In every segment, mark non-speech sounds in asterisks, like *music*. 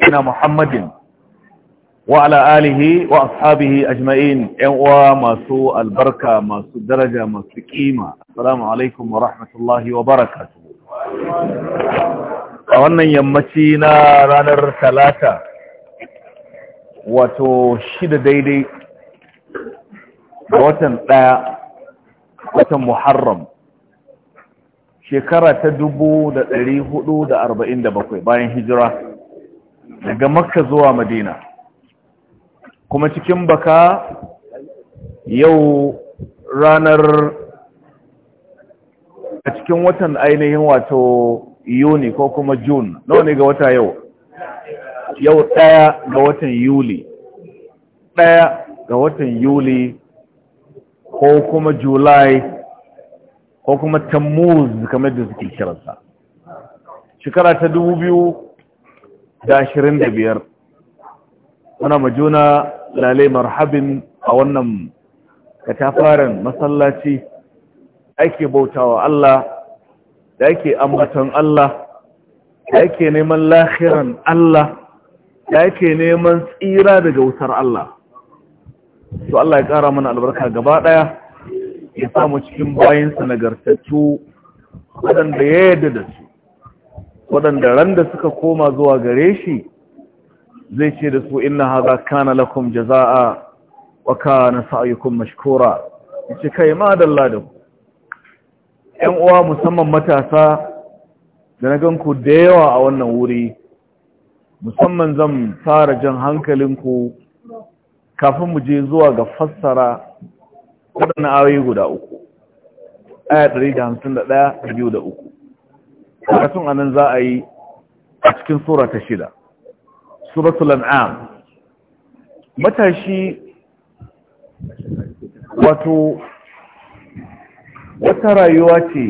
Ina muhammadin wa ala alihi wa ashabihi ajma'in ƴan uwa masu albarka masu daraja masu kima assalamu alaikum wa rahmatullahi wa barakatu a wannan yammaci na ranar talata wato shida daidai da watan watan muharram shekara ta dubu da ɗari hudu da arba'in da bakwai bayan hijira daga makka zuwa madina kuma cikin baka yau ranar a cikin watan ainihin wato yuni ko kuma june nawa ne ga wata yau yau ɗaya ga watan yuli ɗaya ga watan yuli ko kuma july ko kuma tammuz kamar da suke kiransa shekara ta dubu biyu da ashirin da biyar muna majuna lalai marhabin a wannan katafaren masallaci ake bautawa Allah da ake ambaton Allah da ake neman lahiran Allah da ake neman tsira daga wutar Allah to Allah ya ƙara mana albarka gaba ɗaya ya samu cikin bayansa nagartattu waɗanda ya yarda da su waɗanda ran da suka koma zuwa gare shi zai ce da su inna haza kana lakum jaza'a wa kana sa'yukum mashkura ce kai ma dalla da ku ƴan uwa musamman matasa da na ganku da yawa a wannan wuri musamman zan fara jan hankalinku kafin mu je zuwa ga fassara waɗannan ayoyi guda uku aya 151 biyu da uku. karatun anan za a yi a cikin sura ta shida suratul an'am matashi wato wata rayuwa ce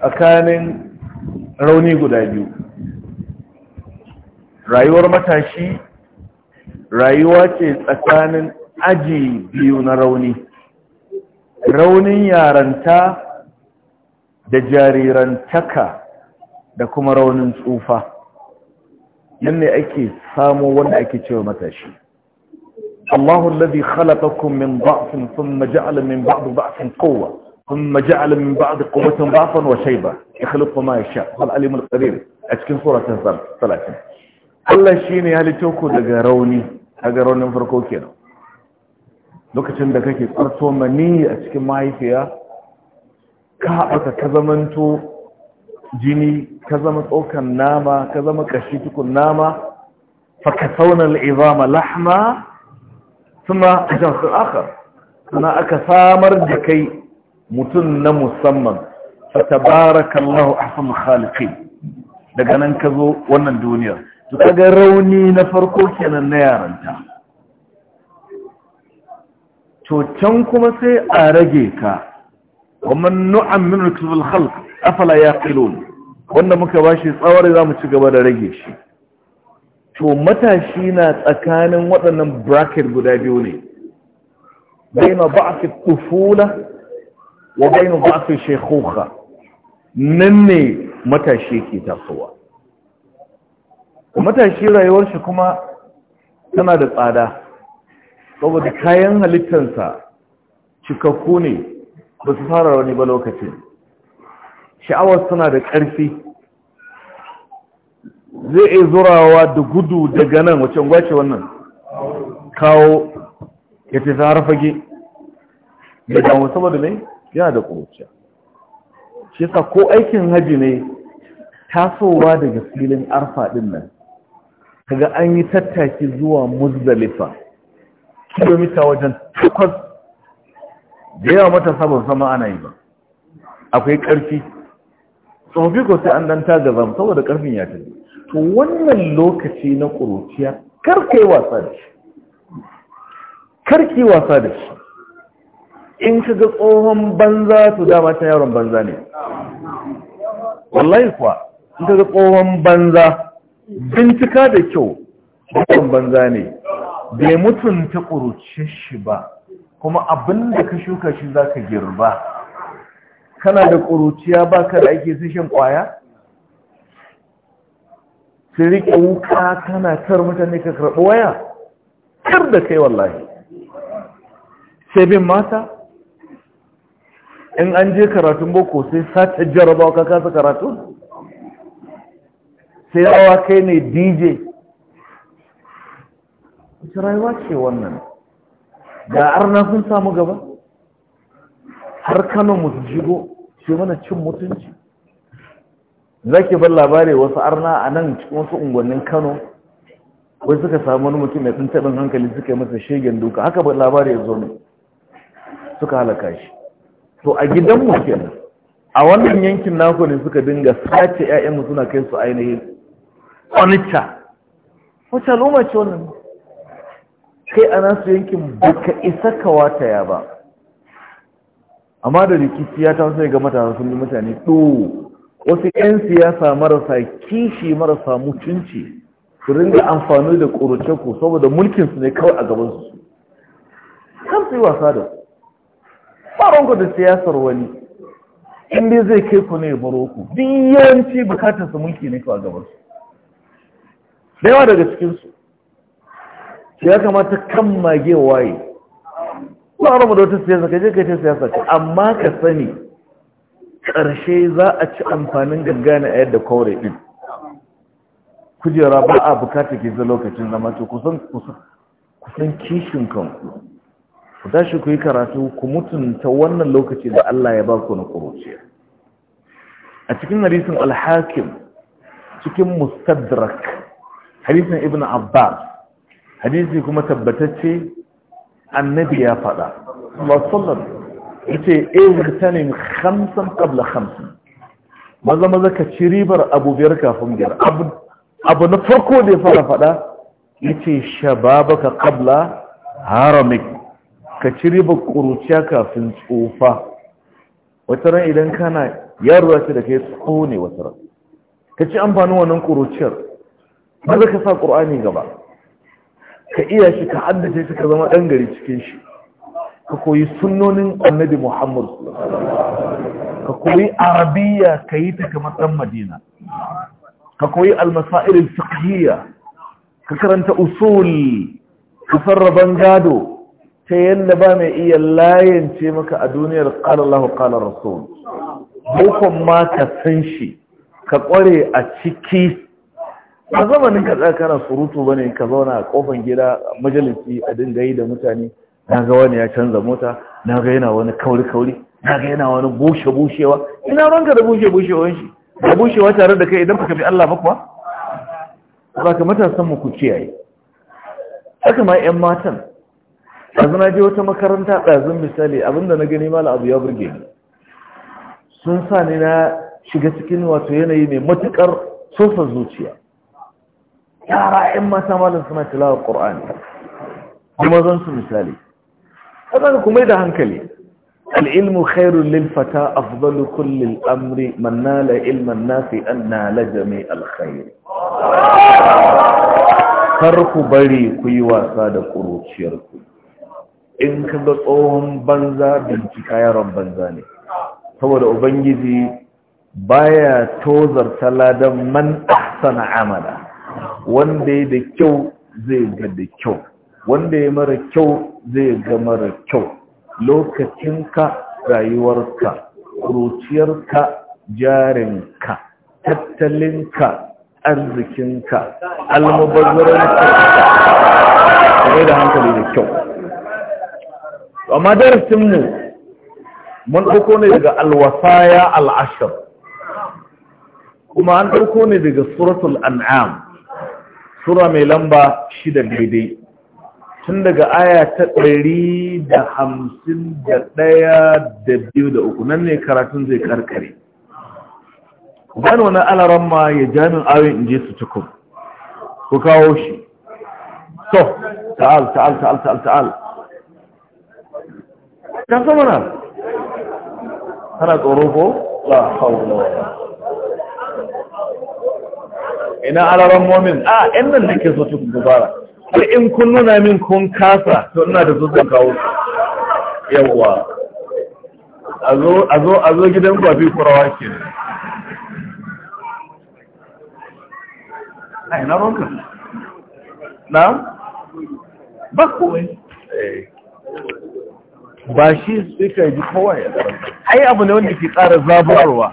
tsakanin rauni guda biyu rayuwar matashi rayuwa ce tsakanin aji biyu na rauni raunin yaranta da jariran taka da kuma raunin tsufa nan ne ake samo wanda ake cewa matashi Allahu alladhi khalaqakum min dha'fin thumma ja'ala min ba'di dha'fin quwwa thumma ja'ala min ba'di quwwatin dha'fan wa shayba yakhluqu ma yasha wal alim al qadir a cikin suratul salatin Allah shine ya halitta ko daga rauni daga raunin farko kenan lokacin da kake kwarto mani a cikin mahaifiya ka haɓaka ka zamanto jini ka zama tsokan nama ka zama ƙashi tukun nama فكسونا العظام لحما ثم جنس آخر أنا أكثامر جكي متن مسمم فتبارك الله أحسن الخالقين daga nan ka zo wannan duniyar to kaga rauni na farko kenan na yaranta to can kuma sai a rage ka ومن نعمر في الخلق أفلا يعقلون wanda muka bashi tsawar za mu ci gaba da rage shi to matashi na tsakanin waɗannan bracket guda biyu ne baina ba'fi tufula wa baina ba'fi shaykhuha nan ne matashi ke tasowa matashi rayuwar shi kuma tana da tsada saboda kayan halittansa cikakku ne ba su fara wani ba lokaci. sha'awar suna da ƙarfi zai iya zurawa da gudu daga nan wacce gwace wannan kawo ya fi zara fage da damu saboda mai yana da ƙuruciya shi yasa ko aikin haji ne tasowa daga filin arfa ɗin nan kaga an yi tattaki zuwa muzdalifa kilomita wajen takwas da yawa mata sabon sama ana yi ba akwai ƙarfi tsofi ko sai an dan taga saboda ƙarfin ya tafi to wannan lokaci na ƙuruciya karkai wasa da shi karki wasa da shi in ka ga tsohon banza to dama ta yaron banza ne wallahi kuwa in ka ga tsohon banza bincika da kyau tsohon banza ne bai mutunta ƙuruce shi ba kuma abin da ka shuka shi za ka girba kana da ƙuruciya ba ka da ake sishin ƙwaya su riƙe wuka kana tar mutane ka karɓi waya kar da kai wallahi sai bin mata in an je karatun boko sai sace jarabawa ka kasa karatu sai rawa kai ne dj wace rayuwa ce wannan ga arna sun samu gaba har kano musu shigo ce mana cin mutunci za ke bar labari wasu arna a nan cikin wasu unguwannin kano wai suka samu wani mutum mai tuntaɓin hankali suka yi masa shegen duka haka bar labari ya zo ne suka halaka shi to a gidanmu kenan a wannan yankin naku ne suka dinga sace 'ya'yanmu suna kai su ainihin onitsha wacce al'umma ce wannan Sai a nasu yankin baka isa ka ya ba amma da rikici ya taso ga matasa sun yi mutane to. wasu 'yan siyasa marasa kishi marasa mutunci su ringa amfani da ƙorace ku saboda mulkinsu ne kawai a gabansu kan su wasa da ku da siyasar wani in dai zai kai ku ne baro ku duk yawanci bukatarsa mulki ne kawai a gabansu da yawa daga cikinsu sai ya kamata kan mage waye ba rabu da wata siyasa ka je ka ce siyasa ce amma ka sani ƙarshe za a ci amfanin gangana a yadda kawai ɗin kujera ba a bukata ke zai lokacin zama ce kusan kishin kanku ku tashi ku yi karatu ku mutunta wannan lokaci da Allah ya ba ku na ƙuruciya a cikin hadisin alhakim cikin mustadrak hadisin ibn abbas hadisi kuma tabbatacce annabi ya faɗa wasallam yace ihtanim eh, khamsan ƙabla hamsin. maza maza ka ci ribar abu biyar kafin biyar abu na farko da ya fara faɗa shababa ka ƙabla haramik ka ci ribar ƙuruciya kafin tsufa wata ran idan kana yaro ce da kai tsoho ne wata ran ka ci amfanin wannan ƙuruciyar. maza ka sa ƙur'ani gaba ka iya shi ka haddace shi ka zama ɗan gari cikin shi ka koyi sunnonin annabi muhammad ka koyi arabiya ka yi ta kamar ɗan madina ka koyi almasa'irin fiqhiyya ka karanta usul ka sarraban gado ta yadda ba mai iya layance maka a duniyar qala Allah rasul bukon ma ka san shi ka kware a ciki a zamanin ka tsaya kana surutu bane ka zauna a kofan gida majalisi a dinga yi da mutane na ga wani ya canza mota na ga yana wani kauri kauri na ga yana wani bushe bushewa ina ranka da bushe bushewan shi da bushewa tare da kai idan ka bi Allah ba kuwa ba ka matasan mu ku kiyaye haka ma yan matan yanzu na je wata makaranta ɗazun misali abinda na gani malam abu ya burge ni sun sa ni na shiga cikin wato yanayi mai matuƙar sosa zuciya yara ‘yan mata malin suna tilawar ƙor'ani kuma zan su misali ƙasar kuma da hankali al'ilmu khairun lilfata afdalu kullum amri mannala ilman nafi an nala jami alkhairi kar ku bari ku yi wasa da ƙuruciyarku in ka ga tsohon banza bincika yaron banza ne saboda ubangiji baya tozarta ladan man ahsana amala wanda ya da kyau zai ga da kyau wanda ya mara kyau zai ga mara kyau lokacinka rayuwarka ruciyarka jarinka tattalinka arzikinka almubazzarinka kai da hankali da kyau amma darasinmu mun ɗauko ne daga alwasaya al'ashar kuma an ɗauko ne daga suratul an'am sura mai lamba shida daidai tun daga aya ta ɗari da hamsin da ɗaya da biyu da uku nan ne karatun zai karkare gani wani alaran ma ya jami'in awon inje su cikin ku kawo shi so ta'al ta'al ta'al ta'al ta'al ta ta'al ta'al ta'al ta'al ta'al ta'al ta'al ina araran momin a ah, yan nan da ke so gubara har in kun nuna min kun kasa to ina da zuzan kawo yawwa a zo gidan kwafi kurawa ke ne a ina ronka na ba kowai eh. ba shi suka yi kowa ya ai abu ne wanda ke tsara zaburarwa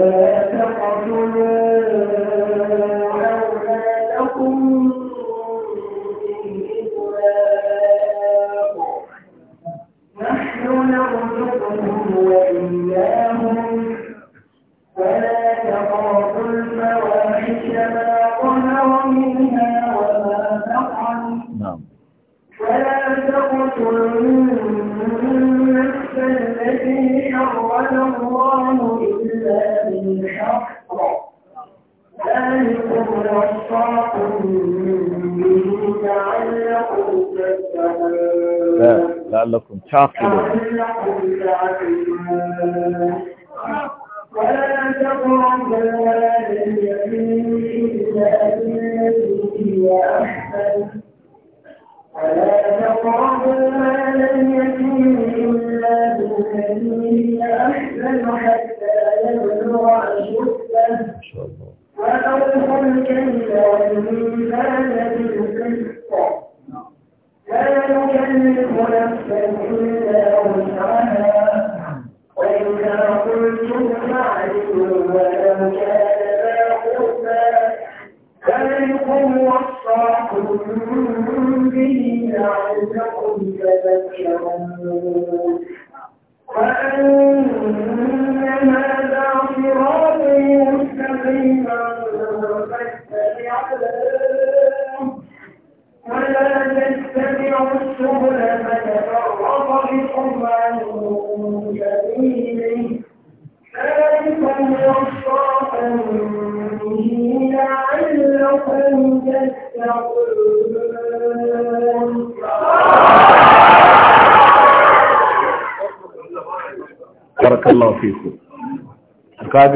ولا تقتلوا لعلكم تعقلون ولا تقربوا مال اليتيم إلا بالذي أحسن حتى يبلغ أشده وأوفوا الكيل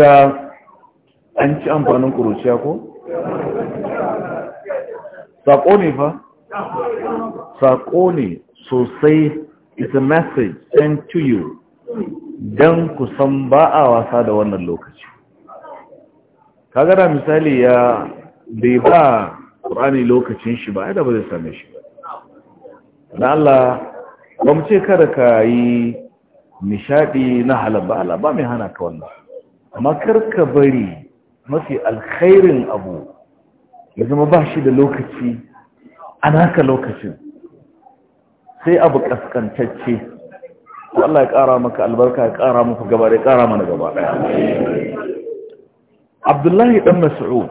ga an ci amfanin kuruciya ko? saƙo ne fa? saƙo ne sosai is a message sent to you don kusan ba a wasa da wannan lokaci kagara da misali ya bai ba ƙurani lokacin shi ba yadda ba zai same shi na Allah ba mu ce kada ka yi nishaɗi na halabba, ba Allah ba mai hana ka wannan Makar ka bari mafi alkhairin abu ya zama ba shi da lokaci a naka lokacin sai abu kaskantacce Allah ya ƙara maka albarka ya ƙara maka gaba da ya ƙara mana gaba abdullahi ɗan mas'ud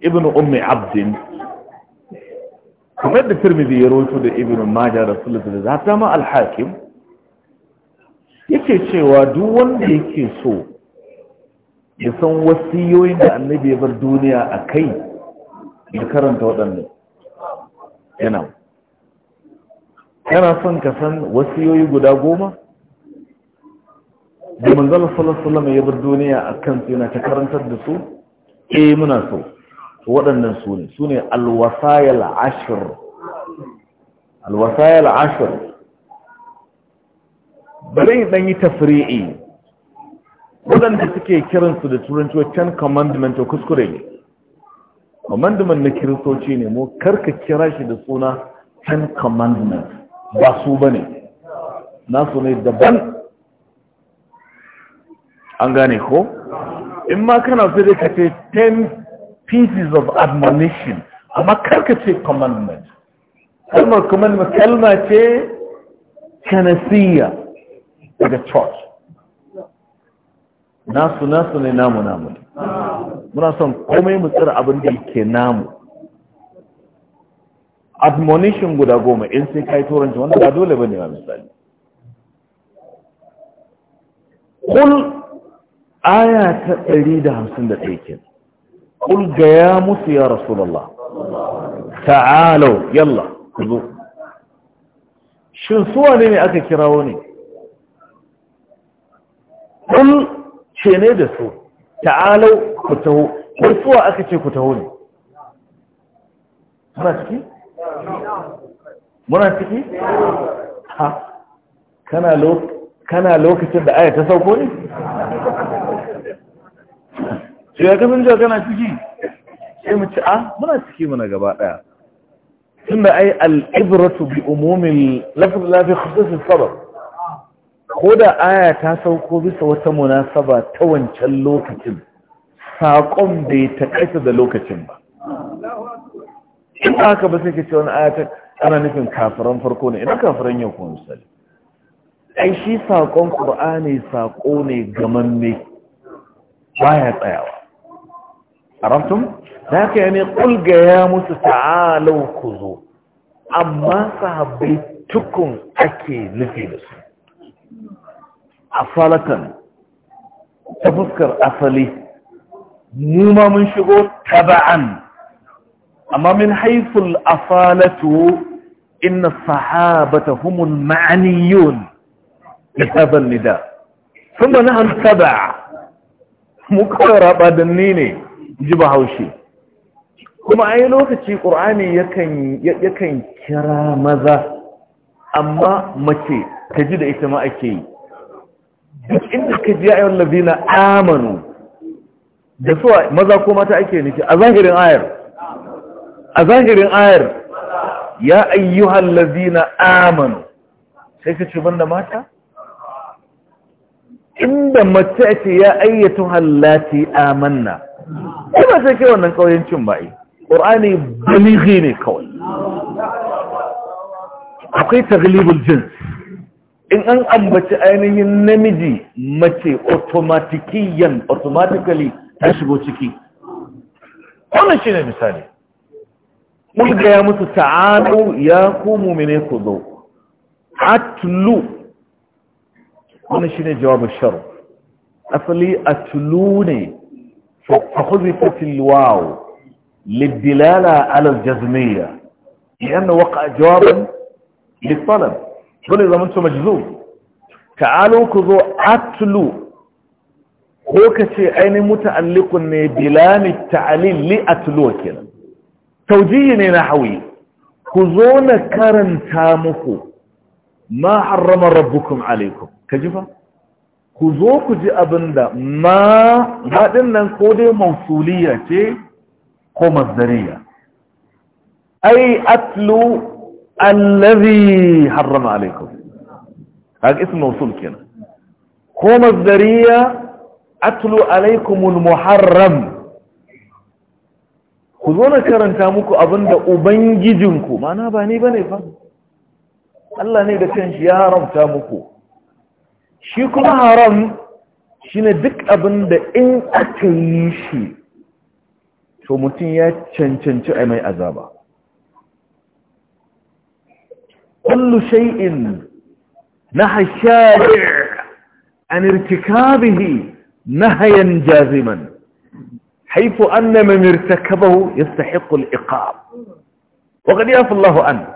ibn ummi abdin kuma da firmizi ya roto da ibn majah da sulatu da zata ma alhakim yake cewa duk wanda yake so ya san wasiyoyin da annabi ya bar duniya a kai ya karanta waɗannan yana yana son ka san wasiyoyi guda goma da manzala salasalama ya bar duniya a kan su yana ta karantar da su ke eh, muna so waɗannan su ne su ne alwasayal ashir alwasayal ashir bari ɗan yi tafri'i waɗanda suke kiransu da turanci wa ten commandment to kuskure ne commandment na kiristoci ne mu karka kira shi da suna ten commandment ba su ba ne nasu ne daban an gane ko in ma kana so dai ka ce ten pieces of admonition amma karka ce commandment kalmar commandment kalma ce kanasiya daga church nasu nasu ne namu namu muna son komai mu tsira abin da ke namu admonition guda goma in sai kai turanci wanda ba dole bane ba misali kul aya ta 151 ke kul ga ya musu ya rasulullah ta'alu yalla zo shin suwa ne aka kirawo ne kul ce ne da su ta'alau ku taho ko suwa aka ce ku taho ne muna ciki? muna ciki? ha kana lokacin da aya ta sauko ne? shi ya kasance kana ciki sai mu ci a ah, muna ciki muna gaba daya tun da ai al'ibratu bi umumin lafi lafi khususin sabar ko da aya ta sauko bisa wata munasaba ta wancan lokacin saƙon bai taƙaita da lokacin ba in aka ba sai ka ce wani aya ta ana nufin kafiran farko ne ina kafiran yau kuma misali ai shi saƙon ƙur'ani saƙo ne ba ya tsayawa arabtum da haka yana ƙulga ya musu ta'alau ku zo amma sahabbai tukun ake nufi da su asalatan ta fuskar asali mu ma mun shigo taba'an amma min haiful asalatu inna sahabata humul ma'aniyun da nida sun ba na'an taba mu kawai rabadanni ne ji ba haushe kuma a yi lokaci ƙur'ani yakan kira maza amma mace ta ji da ita ma ake yi duk inda suka ji ayyar labina amanu da suwa maza ko mata ake nufi a zahirin ayar a zahirin ayar ya ayyuhan labina amanu sai ka ce banda mata inda mace ce ya ayyatu hallati amanna ba sai ke wannan kauyancin ba'i ƙorani balighi ne kawai akwai taglibul jins in an ambaci ainihin namiji mace automatikiyan automatically ta shigo ciki wannan shi ne misali mun gaya musu ta'adu ya ku mumine ku zo atlu wannan shi ne jawabin sharu asali atlu ne فحذفت الواو للدلالة على الجزمية لأنه وقع جوابا للطلب dole zaman to majzum ta'alu ku zo atlu ko ka ce ainihin muta'alliqun ne bilani ta'lil li atlu kenan tawjihi ne na hawi ku zo na karanta muku ma harrama rabbukum alaikum ji fa ku zo ku ji da ma haɗin nan ko dai mausuliya ce ko mazdariya ai atlu allazi harrama alaikum haka ism mawsul kenan ko masdariya atlu alaikumul muharram ku zo na karanta muku abinda ubangijinku mana ba ni fa Allah ne da kanshi ya haramta muku shi kuma haram shine duk abinda in aka yi shi to mutum ya cancanci a mai azaba كل شيء نهى الشارع عن ارتكابه نهيا جازما حيث أن من ارتكبه يستحق العقاب وقد يقف الله عنه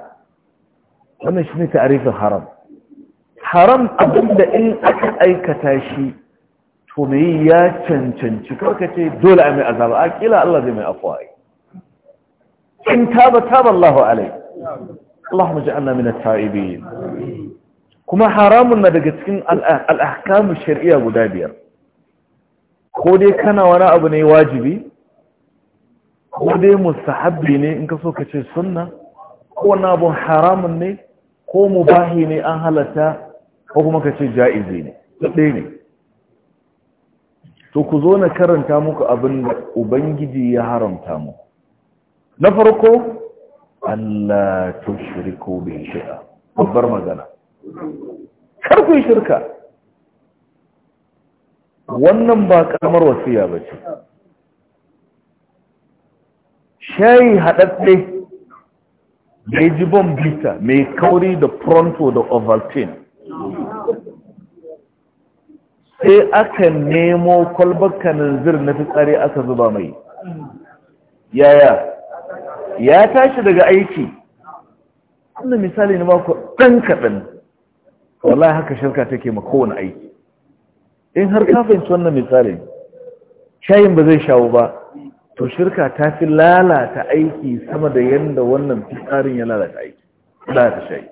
هنا شنو تعريف الحرم حرم اقول إن أحد أي كتاشي تمي يا چن چن شكرا كتاشي دول أمي أزال أكي الله دي من أفواه إن تاب تاب الله عليه Allahumma ja'alna taibin kuma haramun na daga cikin al shari'a guda biyar ko dai kana wani abu ne wajibi ko dai mustahabbi ne in ka so ka ce sunna ko wani abu haramun ne ko mubahi ne an halatta ko kuma ka ce ja'izi ne ne to ku zo na karanta muku abin da ubangiji ya haramta mu na farko Allah tushriku bin shi’a, babbar magana kar shirka wannan ba wasu wasiya bace shayi haɗaɗɗe mai jibon bita mai kauri da pronto da ovaltine sai aka nemo kwalbar kananzir na fitsari aka zuba mai yaya ya tashi daga aiki wannan misali na baku ɗan kaɗan wallahi haka shirka take ma kowane aiki in har ka fahimci wannan misali shayin ba zai shawo ba to shirka ta fi lalata aiki sama da yadda wannan fitsarin ya lalata aiki lalata shayi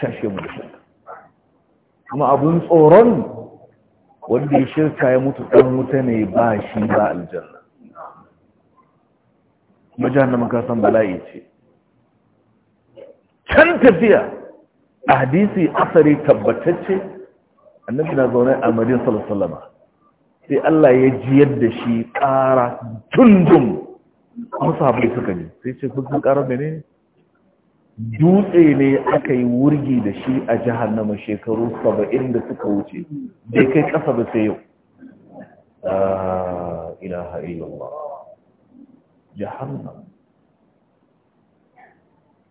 shashe mu da shirka kuma abun tsoron wanda ya shirka ya mutu ɗan wuta ne ba shi ba aljanna kuma jahannama kasan san bala'i ce can tafiya a hadisi asari tabbatacce annabi na zaune a madin salasalama sai Allah ya jiyar da shi ƙara tundun masu sahabbai suka ne sai ce kusan ƙara mene dutse ne aka yi wurgi da shi a jahannama shekaru saba'in da suka wuce bai kai ƙasa ba sai yau ilaha illallah جهنم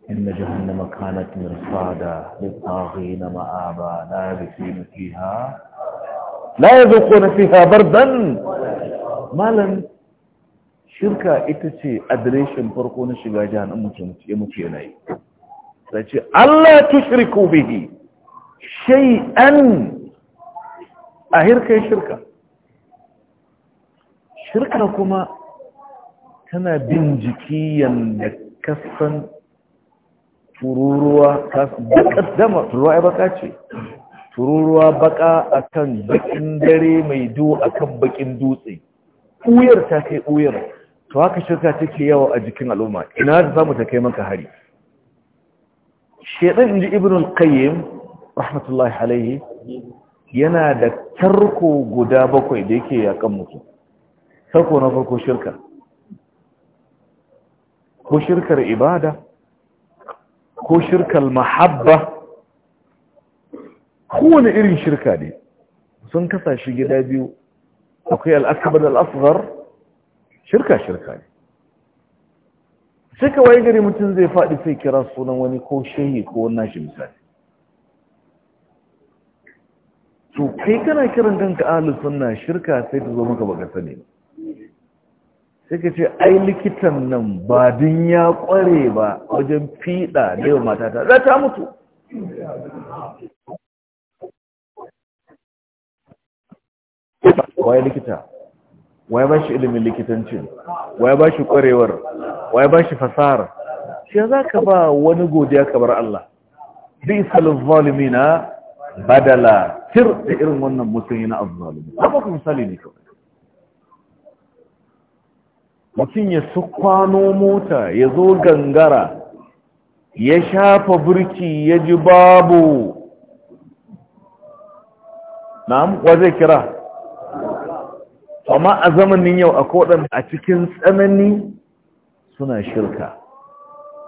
إن جهنم كانت مرصادا للطاغين مآبا لابسين فيها لا يذوقون فيها بردا مالا شركة إتتي أدريشن فرقون الشقا جهن أمتي يمتي إلي فأتي ألا تشركوا به شيئا أهيركي شركة شركة كما tana bin jiki yadda kasan tururuwa dama tururuwa ya baka ce tururuwa baka akan bakin dare mai a kan bakin dutse ƙuyar ta kai ƙuyar. to haka shirka take yawa a jikin al'umma ina da zamu ta kai maka hari shedan inji ibn al-qayyim rahmatullahi alaihi yana da tarko guda bakwai da yake yakan mutu tarko na farko shirka ko shirkar ibada ko shirkar mahabba kowane irin shirka ne sun kasa shi gida biyu akwai al'akabar al'asghar shirka shirka ne sai kawai gari mutum zai faɗi sai kira sunan wani ko shehi ko wannan shi misali to kai kana kiran kanka ahlus sunna shirka sai ta zo maka baka sani ba sai ka ce ai likitan nan ba din ya kware ba wajen fiɗa da yau matata za ta mutu waye likita waye ba shi ilimin likitancin waye ba shi kwarewar waye ba shi fasahar shi za ka ba wani godiya kamar Allah bi salin zalimina badala tir da irin wannan mutum yana azzalimi ba ku misali ne kawai mutum ya su kwano mota ya zo gangara ya shafa birki ya ji babu na'am wa zai kira amma a zamanin yau a kodan a cikin tsanani suna shirka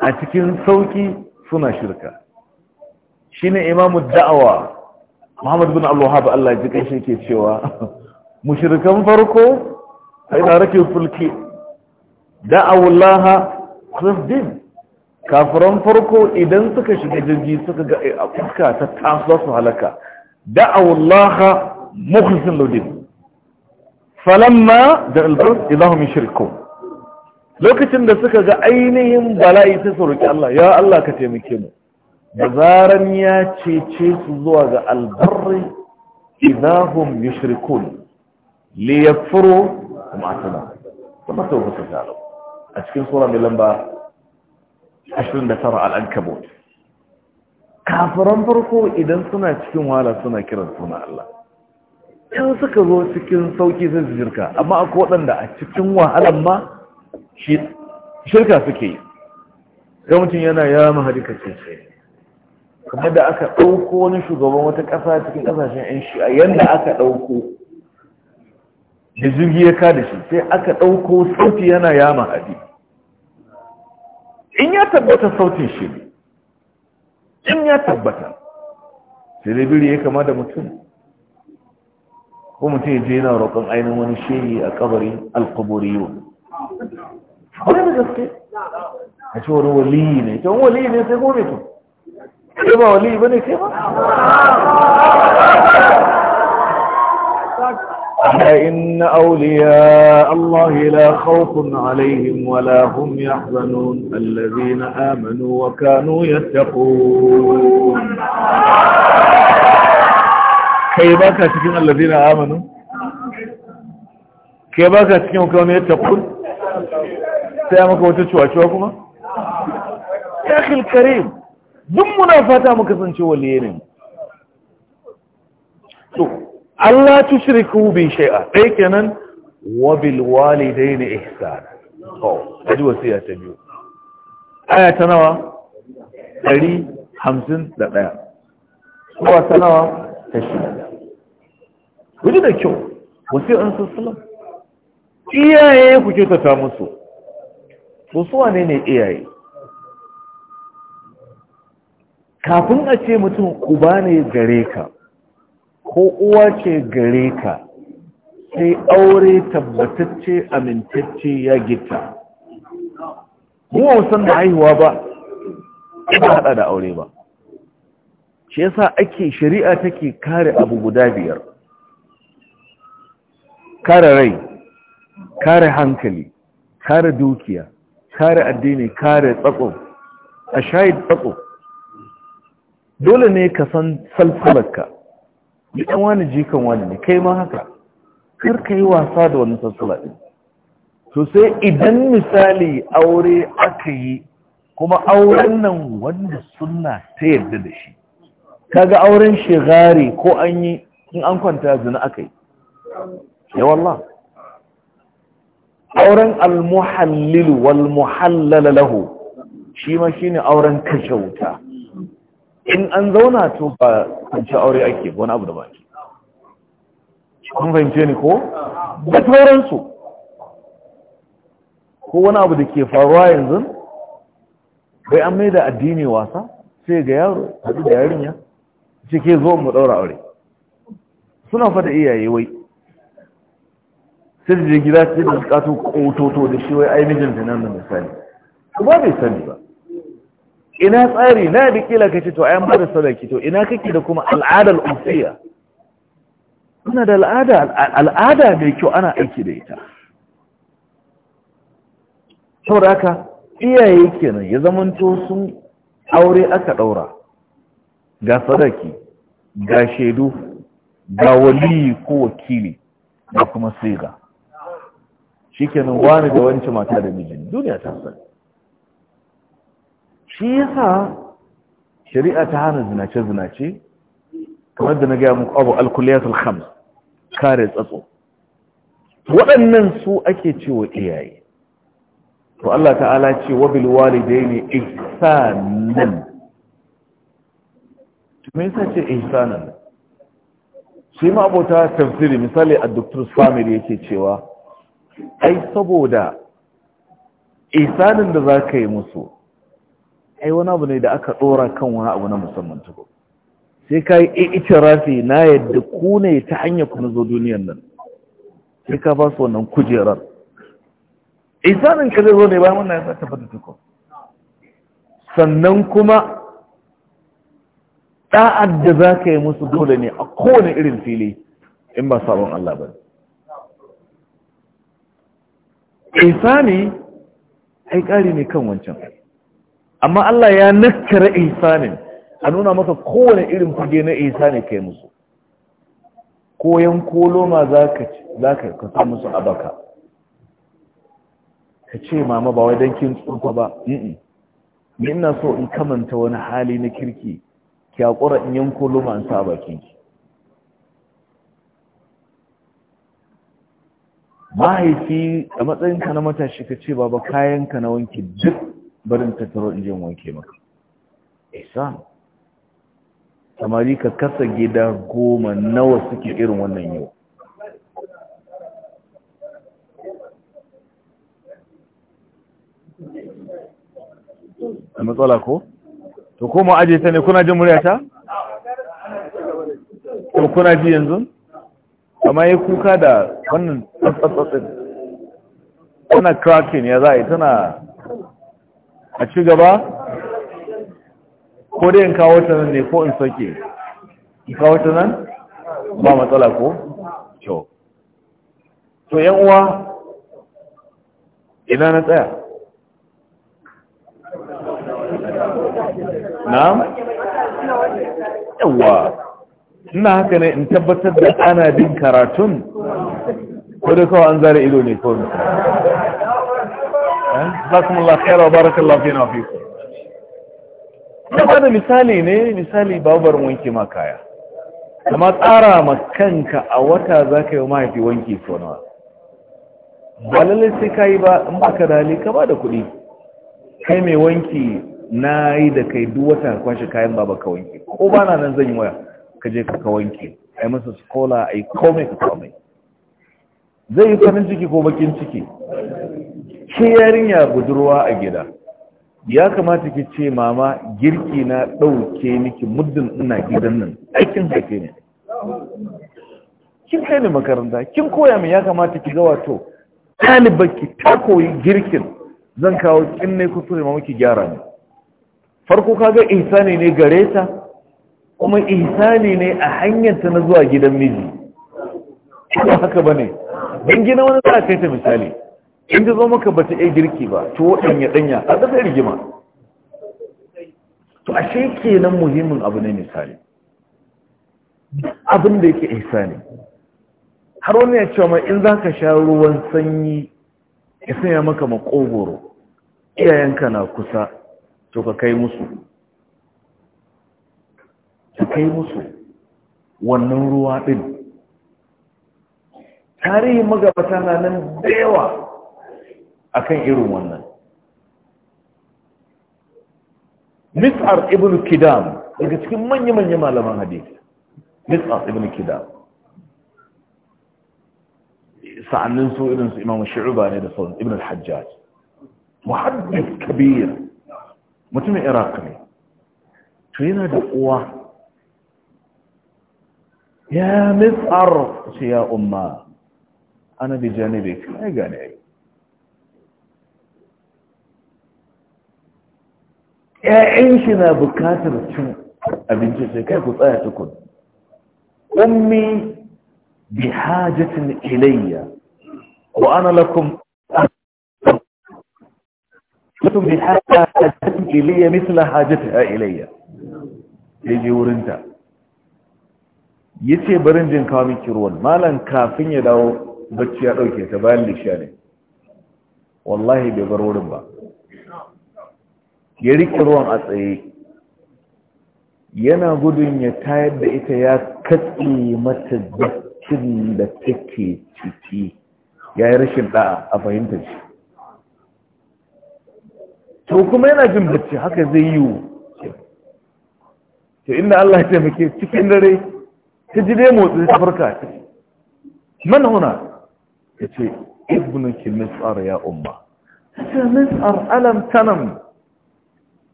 a cikin sauki suna shirka Shi ne imamu da'awa muhammadu bin Al-Wahhab Allah ji kai shi ke cewa mushrikan farko a ina rake fulki Laha, khusdin kafiran farko idan suka shiga jirgi suka ga a fuska ta taso su halaka mukhlisin ludin falamma da shirku lokacin da suka ga ainihin bala'i sai su Allah ya Allah ka taimake mu da zaran ya cece su zuwa ga albarri idahum yushrikun kuma kuma a cikin sura mai lamba 29 al'ankabot kafiran farko idan suna cikin wahala suna kiran suna Allah in suka zo cikin sauki sai su shirka amma akwai waɗanda a cikin wahalan ma shirka suke yi yawancin yana ya mahalika ce kuma da aka ɗauko wani shugaban wata ƙasa cikin ƙasashen 'yan shi'a yadda aka ɗauko da jirgi ya kada shi sai aka ɗauko sauti yana ya mahadi in ya tabbata sautin shi in ya tabbata sai dai biri ya kama da mutum ko mutum ya je yana roƙon ainihin wani shehi a kabari alkaburiyo wani da gaske a ce wani waliyi ne ta wani waliyi ne sai gome to ke ba waliyi ba ne ke ba إن أولياء الله لا خوف عليهم ولا هم يحزنون الذين آمنوا وكانوا يتقون كي باكا تكون الذين آمنوا كي تكون وكانوا يتقون سيامك وتشوى يا أخي الكريم دمنا فاتا مكسن شوى لينهم Allah tushriku bi shay'a dai kenan wa bil walidayni ihsana oh aji wasiya ta biyu aya ta nawa 151 kuma ta nawa ta shida kuji da kyau wasiyar an sulam iyaye ku kyautata musu to su wane ne iyaye kafin a ce mutum ku ne gare ka ko uwa ce gare ka sai aure tabbatacce amintacce ya gita mu wasan da haihuwa ba ba hada da aure ba shi yasa ake shari'a take kare abu guda biyar kare rai kare hankali kare dukiya kare addini kare tsako a shahid tsako dole ne ka san salsalarka yi ɗan wani jikan wani ne kai ma haka kar ka yi wasa da wani sassula ɗin to sai idan misali aure aka yi kuma auren nan wanda suna ta yarda da shi kaga auren shigari ko an yi in an kwanta zina aka yi ya wallah auren almuhallil walmuhallalahu shima lahu shi ma shine auren kashe wuta in an zauna to ba kwanci aure ake wani abu da ba ke kun fahimce ni ko da sauransu ko wani abu da ke faruwa yanzu bai an maida addini wasa sai ga yaro haɗu da yarinya ce ke zo mu ɗaura aure suna fata iyaye wai sai da gida ce da ƙoto to da shi wai ainihin mijinta nan da misali ba bai sani ba ina tsari na da kila ka ce to ayan ba da sadaki to ina kake da kuma al'adar umfiya ina da al'ada al'ada mai kyau ana aiki da ita saboda haka iyaye kenan ya zamanto sun aure aka daura ga sadaki ga shaidu ga wali ko wakili da kuma siga shikenan wani da wancan mata da mijin duniya ta sani shi yasa shari'a ta hana zinace-zinace kamar da na gaya muku abu alkuliyar khams kare tsatso waɗannan su ake cewa iyaye to Allah ta'ala ce wa bil walidaini ihsanan to me yasa ce ihsanan shi ma abota tafsiri misali a Dr. Samir yake cewa ai saboda ihsanin da za ka yi musu ai wani abu ne da aka ɗora kan wani abu na musamman tuko sai ka yi itirafi na yadda ku ne ta hanyar ku zo duniyan nan sai ka ba su wannan kujerar isanin ka zai zo ne bayan wannan ya tabbata tuko sannan kuma ɗa'ad da za ka yi musu dole ne a kowane irin fili in ba sabon Allah ba isani ai ƙari ne kan wancan amma Allah ya nakkara ihsanin a nuna maka kowane irin fage na ihsani kai musu koyan koloma zaka zaka ka sa musu abaka ka ce mama ba wai dan kin tsufa ba ni ina so in kamanta wani hali na kirki ki hakura in yanko loma an sa bakin ki mahaifi a matsayinka na matashi ka ce baba kayanka na wanki duk barin tattaro in je wanke maka ihsan samari ka kasa gida goma nawa suke irin wannan yau a matsala ko? to koma aje ta ne kuna jin ta? to kuna ji yanzu? amma ya kuka da wannan tsatsatsin tana cracking ya za a yi tana a ci gaba ko dai in kawo ta nan ne ko in soke in kawo ta nan ba matsala ko to to yan uwa ina na tsaya Na? yawa ina haka ne in tabbatar da ana bin karatun ko da kawai an zara ido ne kawai jazakumullah khaira wa barakallahu fina fi ku da misali ne misali babar wanke ma kaya Kuma tsara ma kanka a wata zaka yi mahaifi wanki so nawa ba lallai sai kai ba in baka da hali ka da kuɗi kai mai wanki na yi da kai duk wata kwashe kayan baba ka wanki ko ba na nan zan yi waya ka je ka wanki ai masa skola ai komai ka komai zai yi farin ciki ko bakin ciki ke yarinya budurwa a gida ya kamata ki ce mama girki na ɗauke miki muddin ina gidan nan aikin haife ne kin kai ne makaranta kin koya min ya kamata ki ga wato ki ta koyi girkin zan kawo kin ne kusur ma muke gyara ne farko kaga ihsani ne gare ta kuma ihsani ne a hanyar na zuwa gidan miji ba haka bane dan gina wani za kai ta misali in ta zo maka ba ta iya girki ba tuwo ya ɗanya a zafai rigima to ashe kenan muhimmin abu ne misali abin da yake isa ne har wani ya cewa mai in zaka sha ruwan sanyi ya sanya maka makogoro iyayenka na kusa to ka kai musu ka kai musu wannan ruwa ɗin tarihin magabata na nan da yawa akan irin wannan mis'ar ibn kidam daga cikin manya-manya malaman hadisi mis'ar ibn kidam sa'annin su irin su imam shi'uba ne da sauran ibn al-hajjaj muhaddis kabir mutumin iraq ne to yana da uwa ya mis'ar shi ya umma ana bi janibik ai gane ai Ya'yan shi na bukatar cin abinci sai kai ku tsaya tukun ummi bi hajjatin ilayya wa ana lakum mutum bi hajjatin ilayya mithla hajatiha ilayya yaje wurinta ce barin jin kawo miki ruwan malan kafin ya dawo bacci ya dauke ta bayan lishiya ne wallahi bai bar wurin ba ya riƙe ruwan a tsaye yana gudun ya tayar da ita ya katse mata dattin da take ciki ya yi rashin ɗa'a a fahimtar shi to kuma yana jin bacci haka zai yi to inda Allah ya taimake cikin dare ta ji dai motsi ta farka man huna ya ce ibnu ki tsara ya umma ta tsar'a alam tanam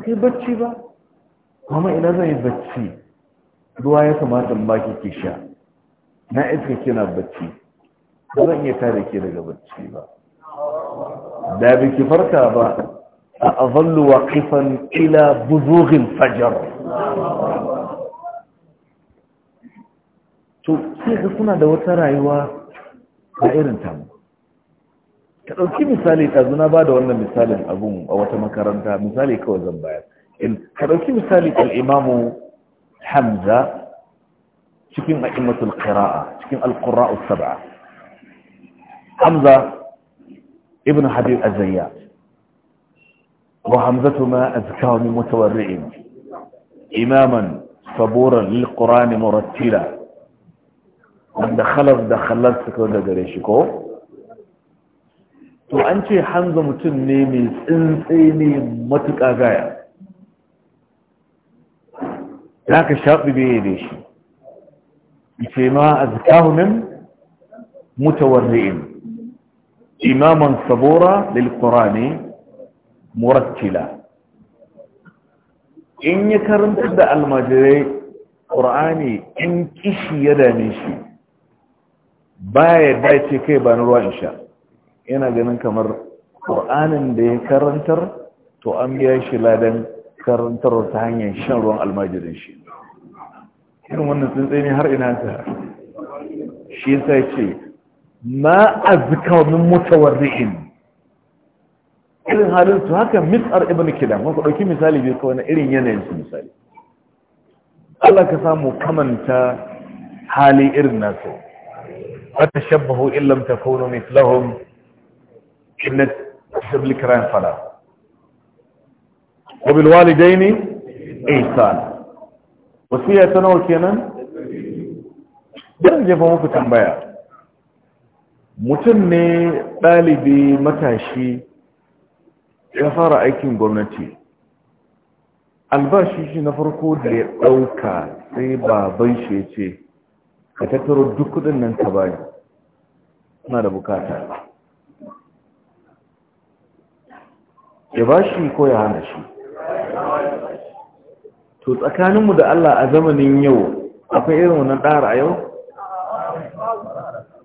kai bacci ba kuma ina zan yi bacci ruwa ya kamata da baki ke sha na iska kina bacci ba zan iya tare ke daga bacci ba da bi ki farka ba a azallu waqifan ila buzughil fajr to sai suna da wata rayuwa a irin tamu ka ɗauki misali ɗazu na ba da wannan misalin abun a wata makaranta misali kawai zan bayar ka ɗauki misali al'imamu hamza cikin a'immatul qira'a cikin al-qura'u sab'a hamza ibn habib azayya wa hamzatu ma azkahu min mutawarri'in imaman wanda صبورا da مرتلا من daga gare shi ko? to an ce hanza mutum ne mai tsintse ne matuƙa gaya za ka shaɓi beye da shi ce ma a zikahunin mutawar ri'in imaman sabora ne murattila in yi karantar da almajirai ƙura'ani in kishi ya dame shi ba ya dace kai ba na ruwa in sha yana ganin kamar ƙur'anin da ya karantar to an biya shi ladan karantar ta hanyar shan ruwan almajirin shi irin wannan tsuntsai ne har ina ta shi sai ce ma azka min rikin irin halin su haka mitsar ibn kidan ko dauki misali biyu kawai na irin yanayin su misali Allah ka samu kamanta hali irin nasu wa shabbahu illam ta kono mithlahum قلة حسب الكرام فلا وبالوالدين إحسان وسيئة تنور kenan? dan jefa muku tambaya mutum ne ɗalibi matashi ya fara aikin gwamnati albashi shi na farko da ya ɗauka sai baban shi ce ka tattaro duk kudin nan ka bani. Kuna da bukata ya ba shi ko ya hana shi to tsakaninmu da Allah a zamanin yau akwai irin wannan ɗara a yau?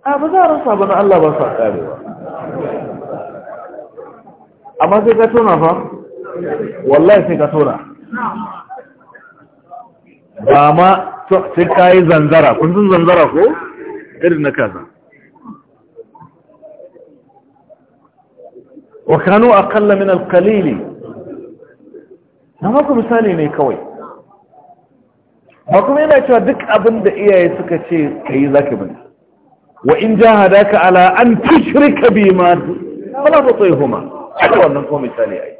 a ba za a rasa ba na Allah ba sa ƙarewa amma sai ka tona fa? wallahi sai ka tona ba ma sai ka yi zanzara kun sun zanzara ko? irin na kaza wa kanu aqalla min al-qalili na maku misali ne kawai ba kuma yana cewa duk abin da iyaye suka ce kai zaka bin wa in jahadaka ala an tushrika bima fala tutihuma haka wannan ko misali ai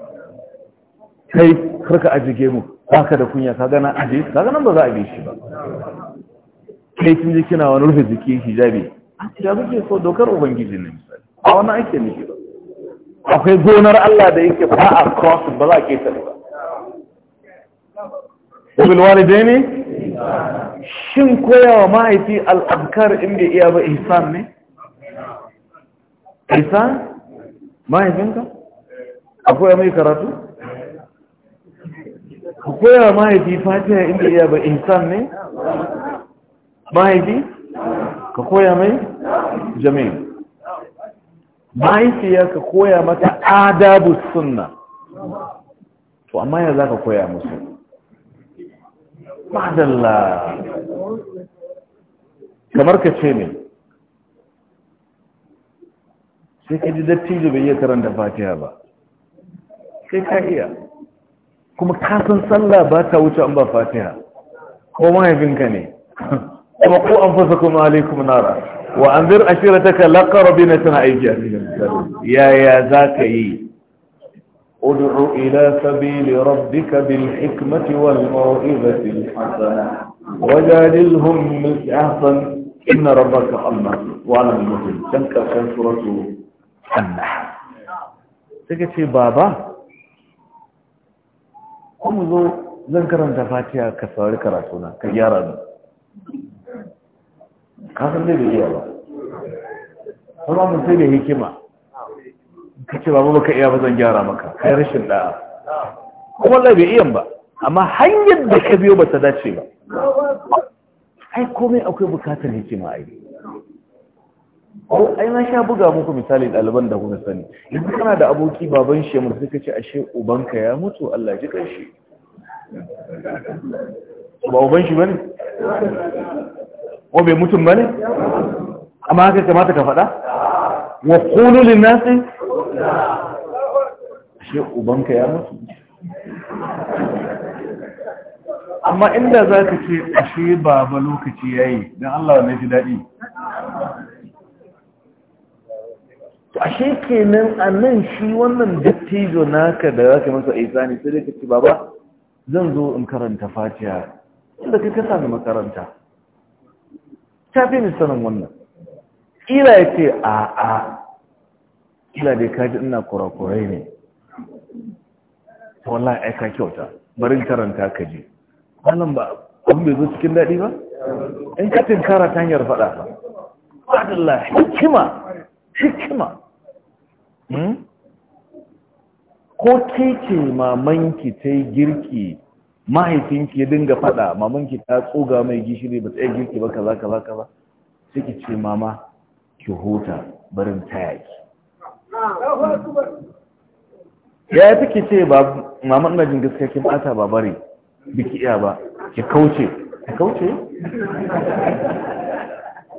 kai karka ajige mu baka da kunya kaga nan nan ba za a bi shi ba kai kin ji kina wani rufe jiki hijabi hijabi ke so dokar ubangiji ne misali a wannan ake miki ba akwai gonar Allah da yake ba a kawasu ba za a keta ba dai ne? shin koyawa mahaifi al'adkar inda iya ba isan ne isan mahaifinka akwai mai karatu koyawa mahaifi fatiha inda iya ba isan ne mahaifi ka koya mai jami'in mahaifiya ka koya mata adabu sunna to amma ya za ka koya musu madalla kamar ka ce ne sai ka ji dattijo bai iya karanta fatiha ba sai ka iya kuma kasan sallah ba ta wuce an ba fatiha ko mahaifinka ne *laughs* kuma ko an fasa kuma alaikum nara وأنذر أشيرتك لقربنا سنعيجا يا يا ذاكي ادعو إلى سبيل ربك بالحكمة والموئذة الحسنة وجادلهم مسعصا إن ربك الله وعلى المسلم شنك خسرة النح سكت في بابا قمضوا ذنكرا دفاتيا كفارك رسولا كيارا Kafin zai bai iya ba kuma mun sai da hikima ka ce babu baka iya ba zan gyara maka kai rashin da'a kuma zai bai iya ba amma hanyar da ka biyo ba ta dace ba ai komai akwai bukatar hikima ai ko ai na sha buga muku misali ɗaliban da kuka sani yanzu kana da aboki baban shi mutu suka ce ashe ubanka ya mutu Allah ji shi. ba uban shi bane ko bai mutum ba ne amma haka kamata ka faɗa wa lin linnasi shi ubanka ya mutu amma inda za ka ce ashe baba lokaci ya yi don Allah ne ji daɗi ashe kenan a nan shi wannan dattijo naka da za ka masa isani sai dai ka ce baba zan zo in karanta fatiha inda kai ka sami makaranta ta fi ni sanin wannan ƙila ya ce a a ƙila dai ka ji ina kurakurai ne ta wallahi aika kyauta barin karanta ka ji wannan ba abin bai zo cikin daɗi ba in ka kara ta hanyar faɗa ba fadalla hikima hikima hmm? ko ke mamanki ta yi girki mahaifinki ya dinga faɗa mamanki ta tsoga mai gishiri ba tsaye girki ba kaza kaza kaza sai ki ce mama ki huta barin taya ki ya take ce ba mama ina jin gaskiya kin bata ba bari biki iya ba ki kauce ki kauce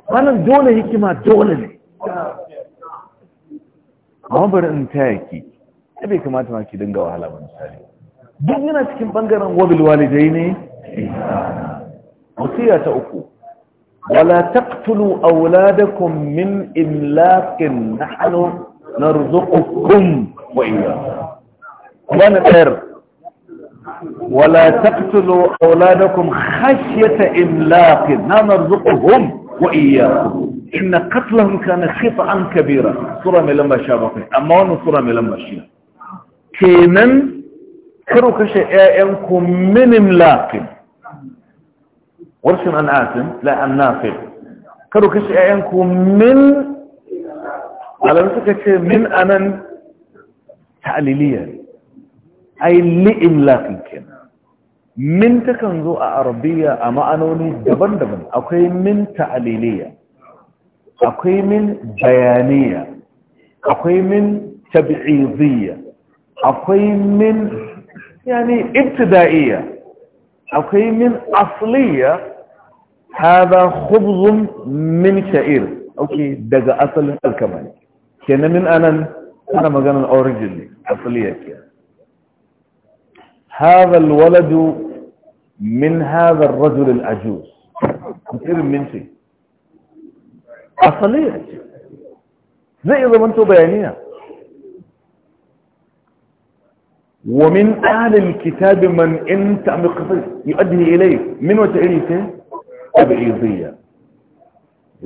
wannan dole hikima dole ne Mama barin ta taya ki bai kamata ma ki dinga wahala ba misali duk yana cikin bangaren wabil walidai ne wasiya ta uku wala taqtulu auladakum min imlaqin nahnu narzuqukum wa iyyakum wala tayr ولا تقتلوا أولادكم خشية إملاق لا نرزقهم وإياكم إن قتلهم كان خطأا كبيرا سورة ملما شابقين أما أنه سورة ملما شيئا كينا karu kashe ƴaƴan ƴaƴanku minim laqin warshin an'atin la annafil karu kashe ƴaƴan ku min alam suka ce min anan ta'liliya ai li'im laqin kenan min takan zo a arabiya a ma'anoni daban-daban akwai min ta'liliya akwai min bayaniya akwai min tabi'iziyya akwai min يعني ابتدائية أوكي من أصلية هذا خبز من شعير أوكي دقى أصل الكمان كان من أنا أنا مجانا أوريجيني أصلية كي. هذا الولد من هذا الرجل العجوز كثير من شيء أصلية زي إذا ما أنتوا بيانيها ومن أهل الكتاب من انت مقصد يؤدي إليه من وتعريته تبعيضية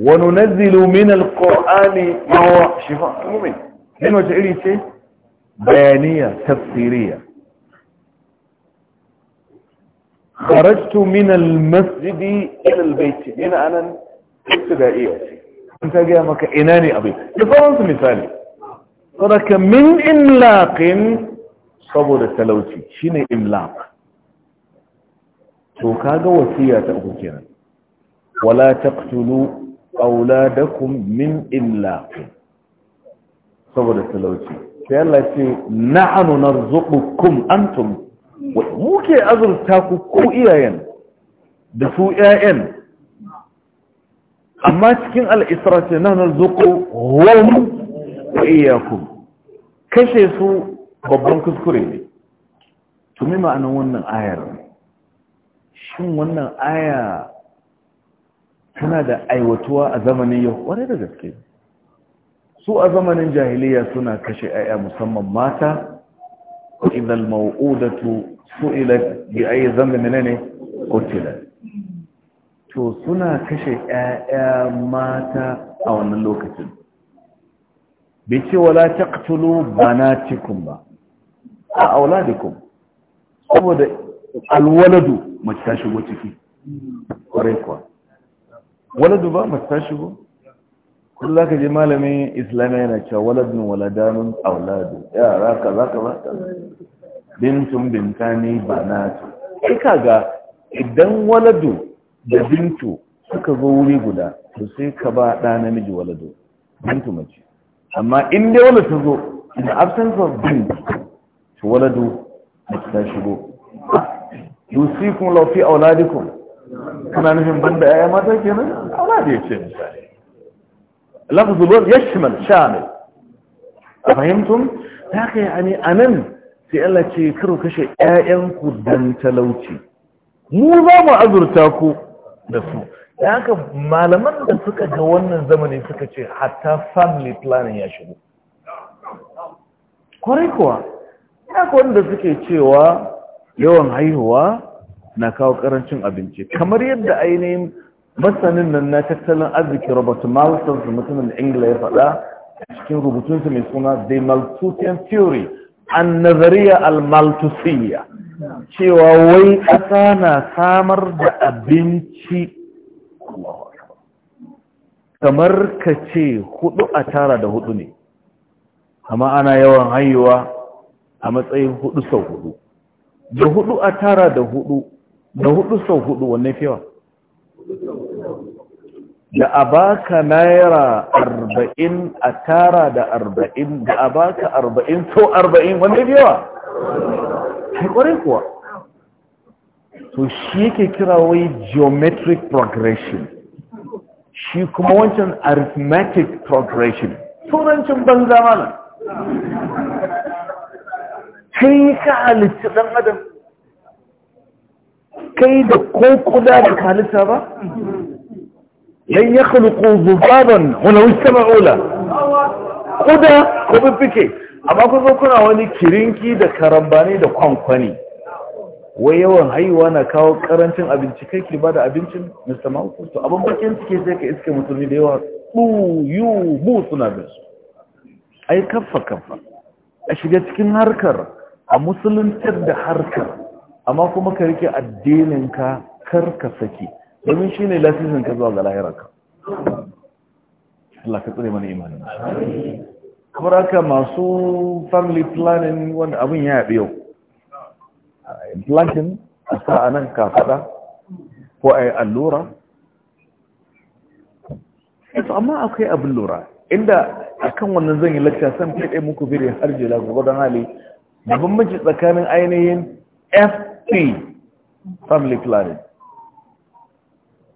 وننزل من القرآن ما هو شفاء المؤمن من وتعريته بيانية تفسيرية خرجت من المسجد إلى البيت هنا أنا ابتدائية أنت جاء مكا إناني أبي لفرنس مثالي من إنلاق saboda talauci shine imlaq to kaga wasiya ta uku kenan wala taqtulu auladakum min imlaq saboda talauci sai Allah ce na'anu narzuqukum antum mu ke azurta ku ku iyayen da su iyayen amma cikin al'isra ce na narzuku hum wa iyakum kashe su babban kuskure ne tumi ma'anin wannan ayar shin wannan aya tana da aiwatuwa a zamanin yau wane da gaske su a zamanin jahiliya suna kashe 'ya'ya musamman mata idan ma'udatu ila bi ayi zamanin menene kotila to suna kashe 'ya'ya mata a wannan lokacin bi ce wala taqtulu banatikum ba a auladikum saboda alwaladu mace ta shigo ciki ƙwarai kuwa waladu ba mace ta shigo kun za ka je malamin islamiyya yana cewa waladun waladanun auladu yara ka za ka ba bintun ne ba na su ika ga idan waladu da bintu suka zo wuri guda to sai ka ba ɗa namiji waladu bintu mace amma in dai ta zo in the absence of bintu shi waladu da ta shigo yusikun lafi auladikun kana nufin banda yaya mata kenan auladi ya ce misali lafzul wal yashmal shamil fahimtun ta kai ani anan sai Allah ce karu kashe ƴaƴanku dan talauci mu ba mu azurta ku da su Ya haka malaman da suka ga wannan zamani suka ce hatta family planning ya shigo kwarai kuwa haka wanda suke cewa yawan haihuwa na kawo karancin abinci kamar yadda ainihin masanin nan na tattalin arziki robert malthus mutumin ingila ya faɗa cikin rubutunsa mai suna the malthusian theory an nazariya al cewa wai ƙasa na samar da abinci kamar ka ce hudu a tara da hudu ne amma ana yawan haihuwa a matsayin hudu sau hudu da hudu a tara da hudu da hudu sau hudu wannan fiwa da a baka naira arba'in a tara da arba'in da a baka arba'in sau arba'in wannan fiwa haikwarin kuwa to shi yake kira wai geometric progression shi kuma wancan arithmetic progression turancin banza mana kai ka halitta ɗan adam kai da ko kuda da halitta ba yan ya khuluqu dhubaban wa law istama'u kuda ko bifike amma kuma kuna wani kirinki da karambani da kwankwani wai yawan haihuwa na kawo karancin abinci kai ki bada abincin Mr. Mawku to abin bakin suke sai ka iske mutumi da yawa yu bu suna bin su ai kaffa kaffa a shiga cikin harkar a musuluntar da harkar amma kuma ka rike addininka kar ka saki domin shi ne lasisin ka zuwa ga lahirarka Allah ka tsare mana imanin kamar haka masu family planning wanda abin ya yaɓe yau implantin a a nan kafaɗa ko a yi allura ito amma akwai abin lura inda akan wannan zan yi lakta san fiɗe muku bire har jela don hali da bambanci tsakanin ainihin fp family planning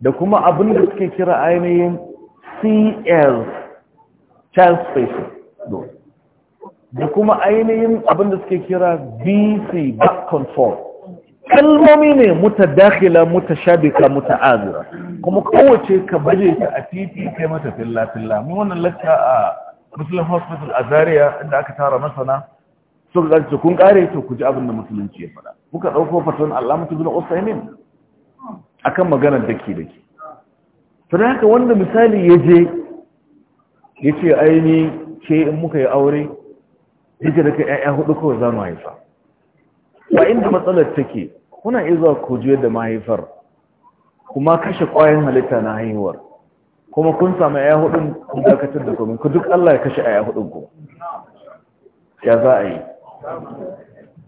da kuma abin da suke kira ainihin cl child spacing da kuma ainihin abin da suke kira bc back control kalmomi ne shabika muta azira kuma kowace ka baje ta a titi kai mata filla-filla mu wannan lakta a muslim hospital a zaria inda aka tara masana suka zarce kun kare to ku ji abin da musulunci ya faɗa muka ɗauko fatan Allah mutu bin Usaimin akan maganar dake dake sai haka wanda misali ya je ya ce aini ke in muka yi aure yake da kai ƴaƴa hudu kawai za haifa wa inda matsalar take kuna iya zuwa ku juyar da mahaifar kuma kashe ƙwayan halitta na haihuwar kuma kun samu ƴaƴa hudun kun dakatar da komai ku duk Allah ya kashe ƴaƴa hudun ku ya za a yi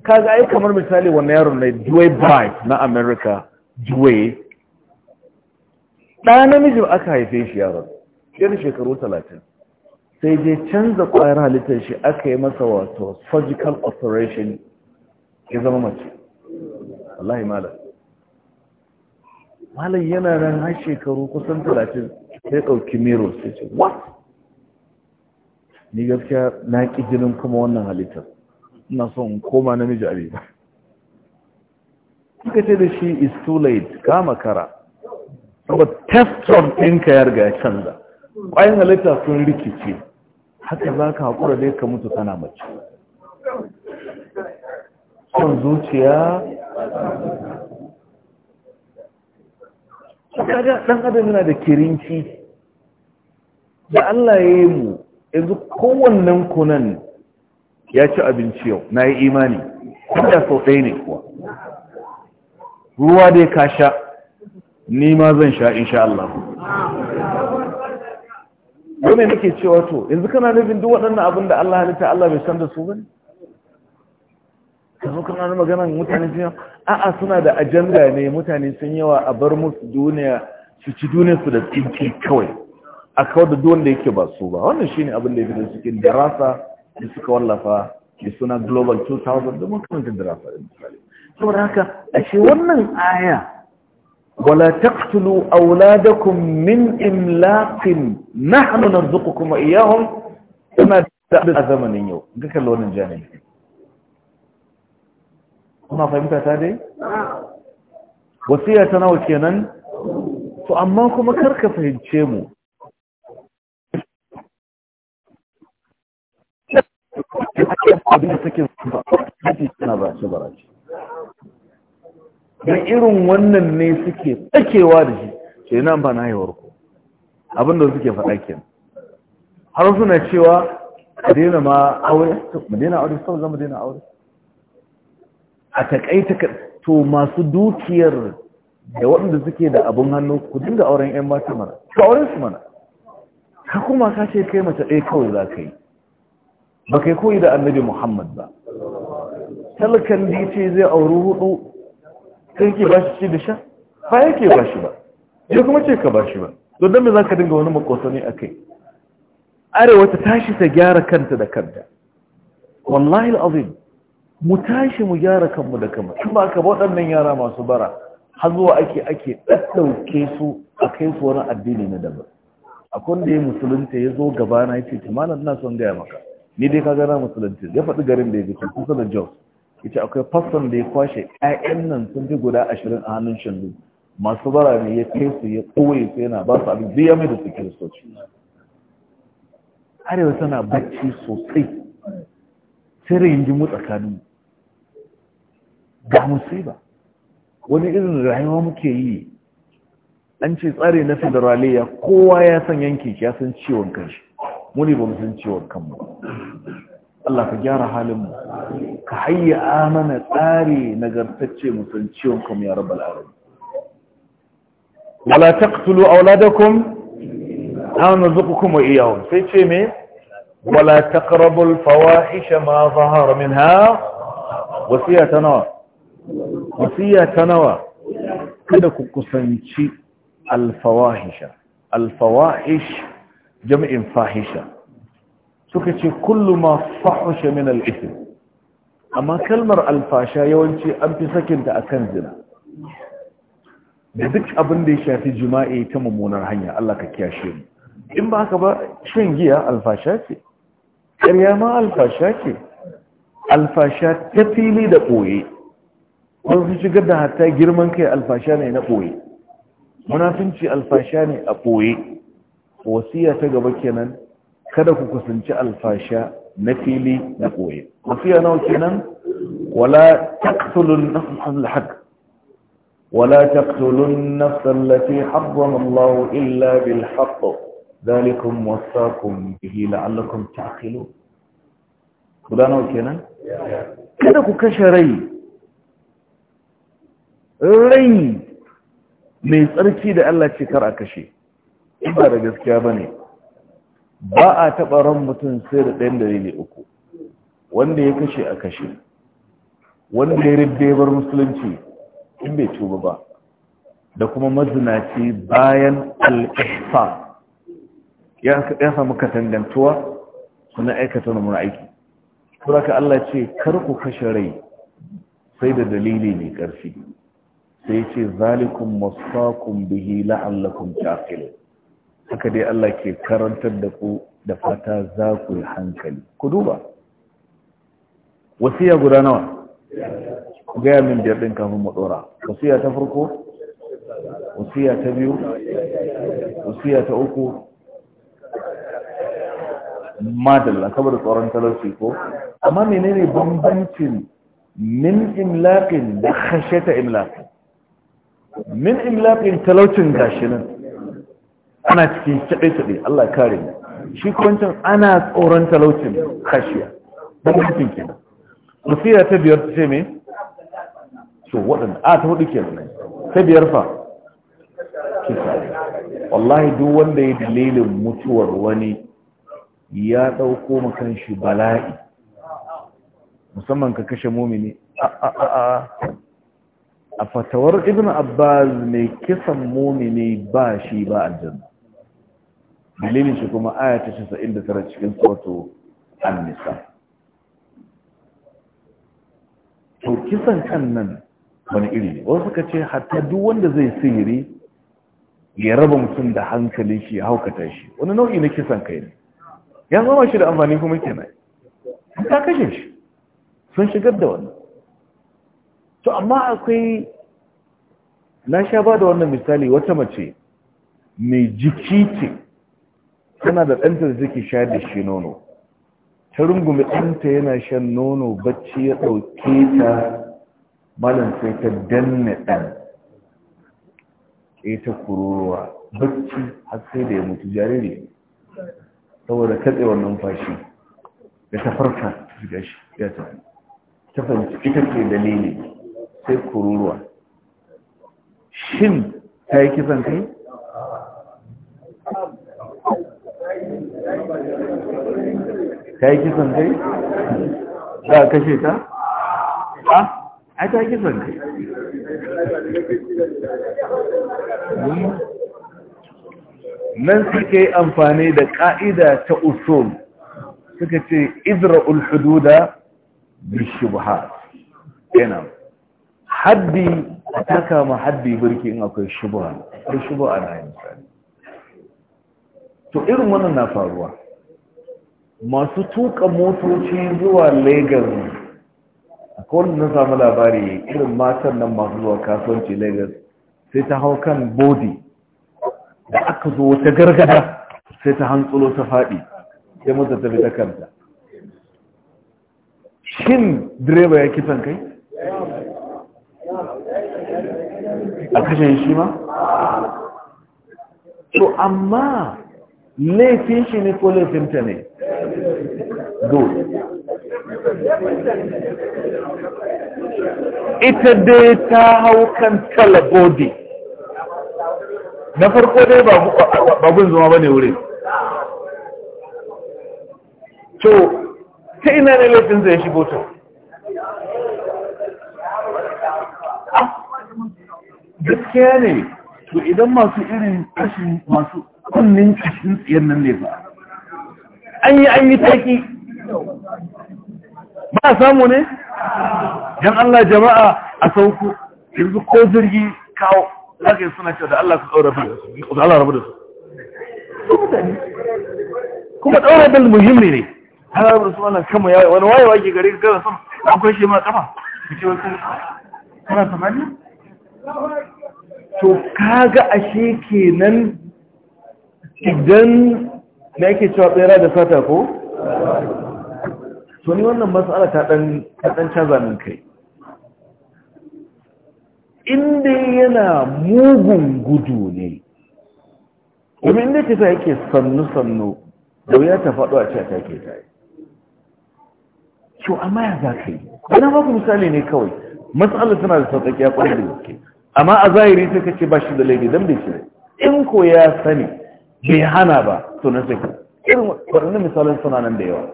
kaga ai kamar misali wannan yaron ne Dway Bright na America Dway Na namijin aka haife shi yaron yana shekaru 30 sai je canza ƙwayar halittar shi aka yi masa wato surgical operation ya zama mace wallahi malam malam yana nan har shekaru kusan 30 sai ɗauki miro sai ce what ni gaskiya na ƙi jinin kuma wannan halittar ina son koma namiji a riba suka ce da shi is too late ka makara saboda testron ɗinka ya riga ya canza ƙwayin halitta sun rikice haka za ka haƙura da ka mutu kana mace son zuciya kaga ɗan adam yana da kirinci da Allah ya yi mu yanzu kowannen kunan ya ci abinci yau na yi imani kuma sau ɗaya ne kuwa ruwa dai ka sha ni ma zan sha insha Allah yau nake cewa to yanzu kana nufin duk waɗannan abin da Allah halitta Allah bai san da su ba ka kana da magana mutane sun a'a suna da ajanda ne mutane sun yawa a bar musu duniya su ci duniya su da tsinki kawai a kawar da duk wanda yake ba su ba wannan shine abin da ya fi da cikin darasa نمسك والله ف بسونا جلوبال 2000 دمو كمان الدراسه سمراك اشي ومن آية ولا تقتلوا اولادكم من املاق نحن نرزقكم اياهم كما تقبل الزمن فهمت هذه وصيه تناول كنن تو اما كما كركف هجمو abin da take ba ba shi barace da irin wannan ne suke tsakewa da shi ke nan ba na haihuwar ku abin da suke faɗa ke har suna cewa a daina ma aure mu daina aure sau zama daina aure a takaita to masu dukiyar da waɗanda suke da abin hannu ku dinga auren 'yan mata mana ku auren su mana ka kuma ka ce kai mace ɗaya kawai za ka yi ba kai koyi da annabi muhammad ba talakan da ce zai auri hudu sai ke ba shi da sha ba yake ba shi ba ya kuma ce ka ba ba don me za ka dinga wani makosani a kai arewa ta tashi ta gyara kanta da kanta wallahi al'azim mu tashi mu gyara kanmu da kanmu in ba waɗannan yara masu bara har zuwa ake ake ɗaɗɗauke su a kai su wani addini na daban akwai wanda ya musulunta ya zo gabana ya ce malam na son gaya maka ni dai ka gana musulunci ya faɗi garin da ya fito kusa da jos ita akwai fassan da ya kwashe 'ya'yan nan sun fi guda ashirin a hannun shandu masu bara ne ya kai su ya ɓoye su yana ba su abin biya mai da su kiristoci arewa tana bacci sosai sai jimu tsakanin ga musiba wani irin rayuwa muke yi an ce tsari na federaliya kowa ya san yankin ya san ciwon kanshi mu ne ba mu san ciwon kanmu Allah ka gyara halin mu ka hayya amana tsari nagartacce mu san ciwon kanmu ya rabbal alamin wala taqtulu auladakum an narzuqukum wa iyyahum sai ce me wala taqrabul fawahisha ma zahara minha wasiya ta nawa wasiya ta nawa kada ku kusanci alfawahisha alfawahish jami'in fahisha suka ce kullu ma fahisha min amma kalmar alfasha yawanci an fi sakinta akan zina da duk abin da ya shafi jima'i ta mummunar hanya Allah ka kiyashe mu in ba haka ba shan giya alfasha ce ƙarya ma alfasha ce alfasha ta fili da ɓoye wani su shigar da hatta girman kai alfasha ne na ɓoye munafinci alfasha ne a ɓoye wasiya ta gaba kenan kada ku kusanci alfasha na fili na koye wasiya nawa kenan wala taqtulun nafsal haqq ولا تقتلوا النفس التي حرم الله إلا بالحق ذلكم وصاكم به لعلكم تعقلون كدانا وكينا كدك كشري ري mai tsarki da Allah ce kar a kashe in ba da gaskiya ba ne ba a taɓa ran mutum sai da ɗayan dalili uku wanda ya kashe a kashe wanda ya ridde bar musulunci in bai tuba ba da kuma mazinaci bayan al'ifa ya samu katangantuwa suna aikata na aiki ka Allah ce kar ku kashe rai sai da dalili mai ƙarfi sai ce zalikun masakun bihi la'allakun tafilu haka dai Allah ke karantar da ku da fata za ku yi hankali ku duba wasiya guda nawa ku gaya min biyar ɗin kafin mu ɗora wasiya ta farko wasiya ta biyu wasiya ta uku madalla saboda tsoron talauci ko amma menene bambancin min imlaqin da khashata imlaqin min imlaqin talaucin gashinan ana cikin taɓe-taɓe Allah kare mu shi kwancin ana tsoron talaucin kashiya don mutum kenan musira ta biyar ta ce me So waɗanda a ta hudu kenan ta biyar fa kisa wallahi duk wanda ya dalilin mutuwar wani ya ɗauko makan shi bala'i musamman ka kashe mumini a fatawar ibn abbas mai kisan mumini ba shi ba aljanna dalilin shi kuma aya ta tara cikin tsoto an-nisa to kisan kan nan wani iri ne wasu ka ce hatta duk wanda zai sihiri ya raba mutum da hankali shi ya haukata shi wani nau'i na kisan kai ne ya zama shi da amfani kuma kenan ta kashe shi sun shigar da wannan to amma akwai na sha ba da wannan misali wata mace mai jiki ce tana da ɗanta da take sha da shi nono ta rungume ɗanta yana shan nono bacci ya ɗauke ta malam sai ta danne ɗan ƙeta kururuwa bacci har sai da ya mutu jariri saboda katsewar numfashi da ta farka ya ta ta fahimci ita ke dalili sai kururuwa shin ta yi kisan kai ka yi kisan kai za a kashe ta a a ta kisan kai nan suke yi amfani da ƙa'ida ta usul suka ce idra'ul hududa bishubha yana haddi a taka ma haddi birki in akwai shubha akwai shubha na yin sani to irin wannan na faruwa masu tuka motoci zuwa Legas a na samu labari irin matan nan masu zuwa kasuwanci Legas sai ta hau kan bodi da aka zo wata gargada sai ta hantsulo ta faɗi sai mata tafi ta kanta shin direba ya kisan kai? a kashe shi ma? to amma laifin shi ne ko ta ne dole ita dai ta hau kan talabodi na farko dai babun zuma ba ne wuri. to ta ina ne laifin zai shi boto ah, gaskiya ne to idan masu irin rashin masu kunnin cikin tsiyar nan ne ba an yi an yi taiki ba a samu ne yan Allah jama'a a sauku yanzu ko jirgi kawo zaka yi suna cewa da Allah su ɗaura bil da Allah rabu da su kuma ɗaura bil muhimmi ne har rabu da su wannan kama yawa wani wayewa ke gari gaza sama akwai shi ma kafa ku ce wasu kana samani to kaga ashe kenan idan na yake cewa tsera da fata ko? to ni wannan matsala ta ɗan caza min kai inda yana mugun gudu ne kuma inda tafiya yake sannu-sannu da wuya ta faɗo a cikin take ta yi to amma ya za ka yi wani baku misali ne kawai matsala tana da sauƙaƙi a ƙwarar da yake amma a zahiri sai ka ce ba shi da laifi don bai shi in ko ya sani bai hana ba to na sai irin waɗannan misalin suna nan da yawa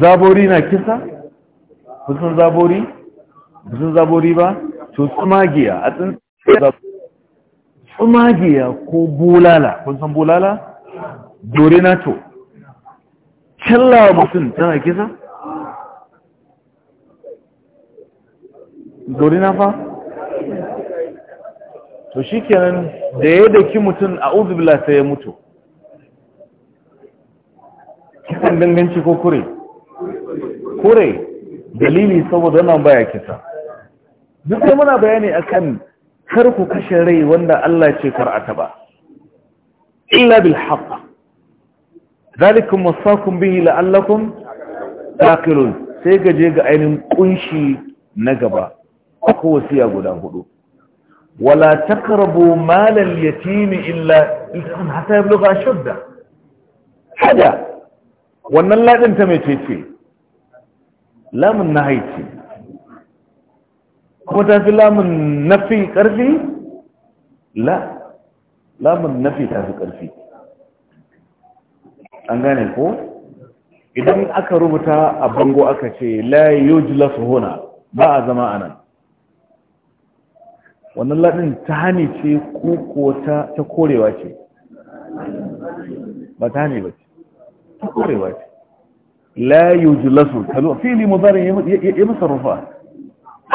zabori na kisa kusan zabori kusan zabori ba to tsumagiya a tsintsiya tsumagiya ko bulala kun bulala dore na to kyallawa mutum tana kisa dore na fa to shi kenan da ya daki mutum a uzubila sai ya mutu kisan danganci ko kure kure dalili saboda nan baya kisa duk da muna bayani akan kar ku kashe rai wanda Allah ce kar'ata ba illa bil haqq zalikum wasaqum bihi la'allakum taqilun sai gaje ga ainin kunshi na gaba ko wasiya guda hudu ولا تقربوا مال اليتيم إلا حتى يبلغ أشده حدا وأن الله أنت ميتيتي لا من نهيتي كما لا من نفي كرفي لا لا من نفي كرفي كرفي أنغاني الفور إذا أكا ربطا أبنغو أكا شيء لا يجلس هنا بعد ما انا wannan laɗin ta hani ce ko ko ta korewa ce ba ta hani ba ce ta korewa ce la jilasu, yujlasu kalu fili mudari ya masa masarrufa